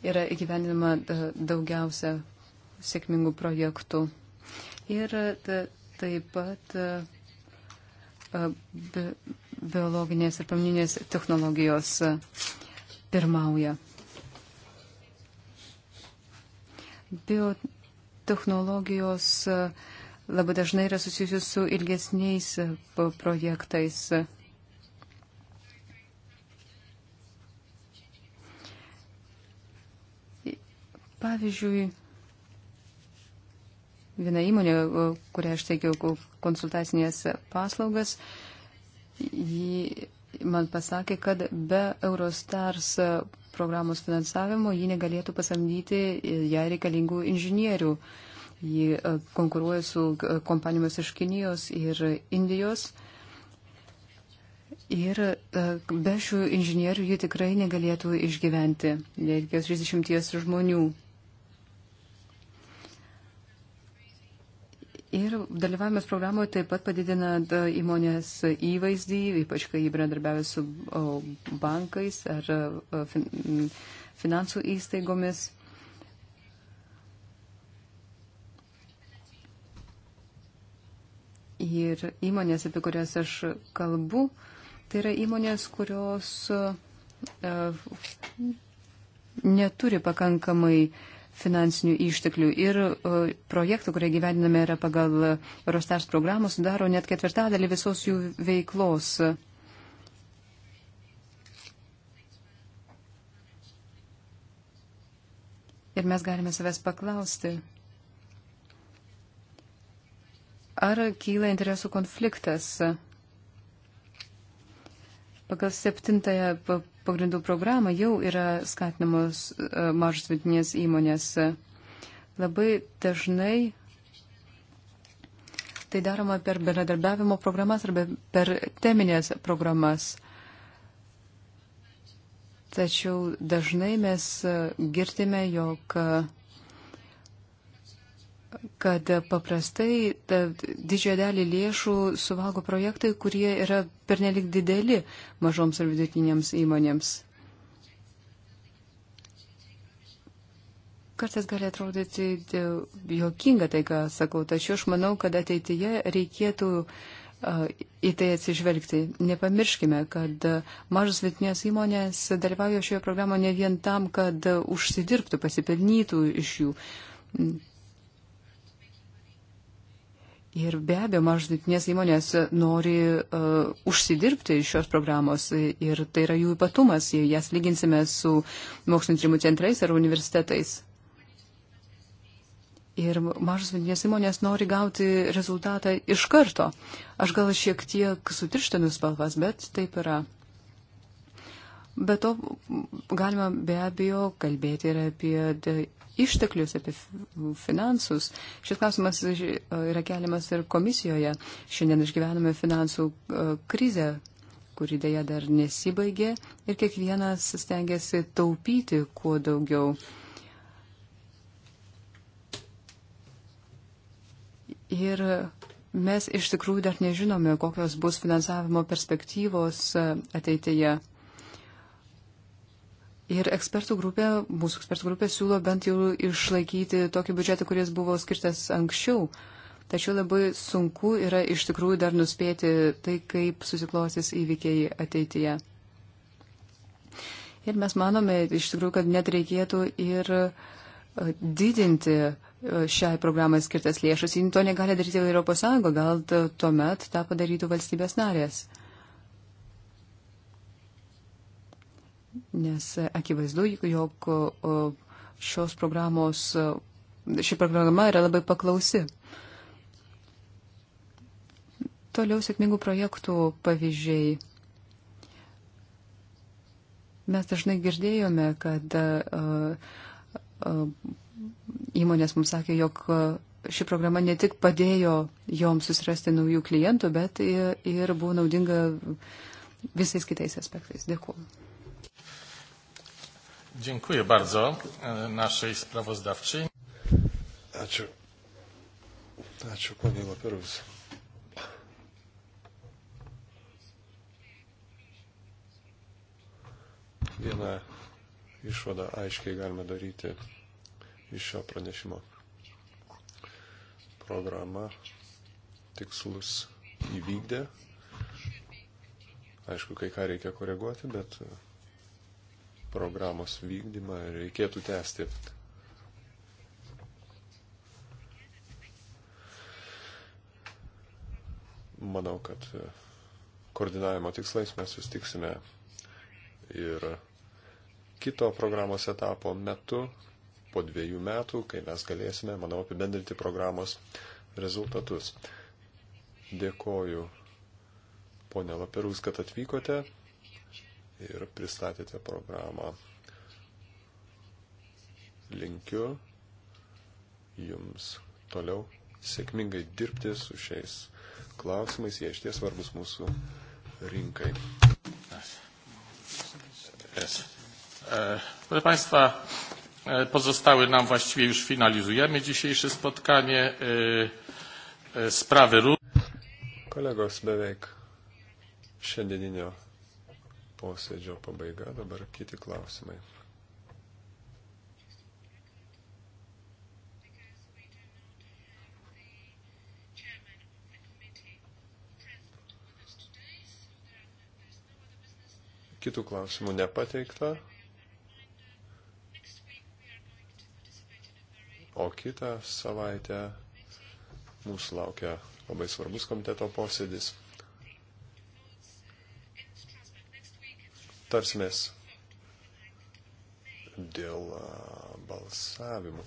yra įgyveninama e, daugiausia sėkmingų projektų. Ir e, taip pat e, biologinės ir pamininės technologijos pirmauja. Biotechnologijos labai dažnai yra susijusios su ilgesniais projektais. Pavyzdžiui, viena įmonė, kurią aš teikiau konsultacinės paslaugas, ji man pasakė, kad be Eurostars programos finansavimo ji negalėtų pasamdyti jai reikalingų inžinierių. Ji e, konkuruoja su e, kompanijomis iš Kinijos ir Indijos. Ir e, be šių inžinierių ji tikrai negalėtų išgyventi. Jai reikės 30 žmonių. Ir dalyvavimas programoje taip pat padidina įmonės įvaizdį, ypač kai jį bendradarbiavė su bankais ar fin, finansų įstaigomis. Ir įmonės, apie kurias aš kalbu, tai yra įmonės, kurios e, neturi pakankamai uh, finansinių išteklių ir projektų, kurie gyvendiname yra pagal Rostars programą, sudaro net ketvirtadalį visos jų veiklos. Ir mes galime savęs paklausti, ar kyla interesų konfliktas. Pagal septintąją pagrindų programą jau yra skatinamos e, mažos vidinės įmonės. Labai dažnai tai daroma per bendradarbiavimo programas arba per teminės programas. Tačiau dažnai mes e, girdime, jog kad paprastai didžiąją dalį lėšų suvalgo projektai, kurie yra pernelik dideli mažoms ir vidutinėms įmonėms. Kartais gali atrodyti jokinga tai, ką sakau, tačiau aš manau, kad ateityje reikėtų į tai atsižvelgti. Nepamirškime, kad mažas vietinės įmonės dalyvauja šioje programoje ne vien tam, kad užsidirbtų, pasipelnytų iš jų. Ir be abejo, mažos vidutinės įmonės nori uh, užsidirbti iš šios programos ir tai yra jų ypatumas, jei jas lyginsime su mokslinio tyrimų centrais ar universitetais. Ir mažos vidutinės įmonės nori gauti rezultatą iš karto. Aš gal šiek tiek sutirštinu spalvas, bet taip yra. Be to galima be abejo kalbėti ir apie išteklius, apie finansus. Šis klausimas e, yra keliamas ir komisijoje. Šiandien išgyvename finansų e, krizę, kuri dėja dar nesibaigė ir kiekvienas stengiasi taupyti kuo daugiau. Ir mes iš tikrųjų dar nežinome, kokios bus finansavimo perspektyvos e, ateityje. Ir ekspertų grupė, mūsų ekspertų grupė siūlo bent jau išlaikyti tokį biudžetą, kuris buvo skirtas anksčiau. Tačiau labai sunku yra iš tikrųjų dar nuspėti tai, kaip susiklosis įvykiai ateityje. Ir mes manome iš tikrųjų, kad net reikėtų ir e, didinti e, šiai programai skirtas lėšas. Jis to negali daryti Europos Sąjunga, gal tuomet tą padarytų valstybės narės. nes akivaizdu, jog šios programos, ši programa yra labai paklausi. Toliau sėkmingų projektų pavyzdžiai. Mes dažnai girdėjome, kad įmonės mums sakė, jog ši programa ne tik padėjo joms susirasti naujų klientų, bet ir buvo naudinga visais kitais aspektais. Dėkuoju. Dziękuję bardzo e, naszej sprawozdawczyni. Ačiū. Ačiū, poniai Laperus. Vieną išvadą aiškiai galime daryti iš šio pranešimo. Programa tikslus įvykdė. Aišku, kai ką reikia koreguoti, bet programos vykdymą reikėtų tęsti. Manau, kad koordinavimo tikslais mes sustiksime ir kito programos etapo metu, po dviejų metų, kai mes galėsime, manau, apibendrinti programos rezultatus. Dėkoju, ponė Laperus, kad atvykote ir pristatėte programą. Linkiu Jums toliau sėkmingai dirbti su šiais klausimais, jie išties svarbus mūsų rinkai. E, proszę Państwa, e, pozostały nam właściwie już finalizujemy dzisiejsze spotkanie. E, sprawy Kolegos beveik šiandieninio posėdžio pabaiga, dabar kiti klausimai. Kitų klausimų nepateikta. O kitą savaitę mūsų laukia labai svarbus komiteto posėdis. tarsimės dėl balsavimų.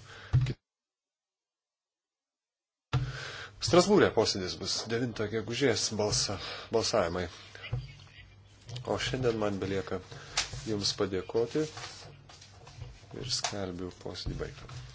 Strasbūrė posėdis bus 9 gegužės balsa, balsavimai. O šiandien man belieka Jums padėkoti ir skelbiu posėdį baigtą.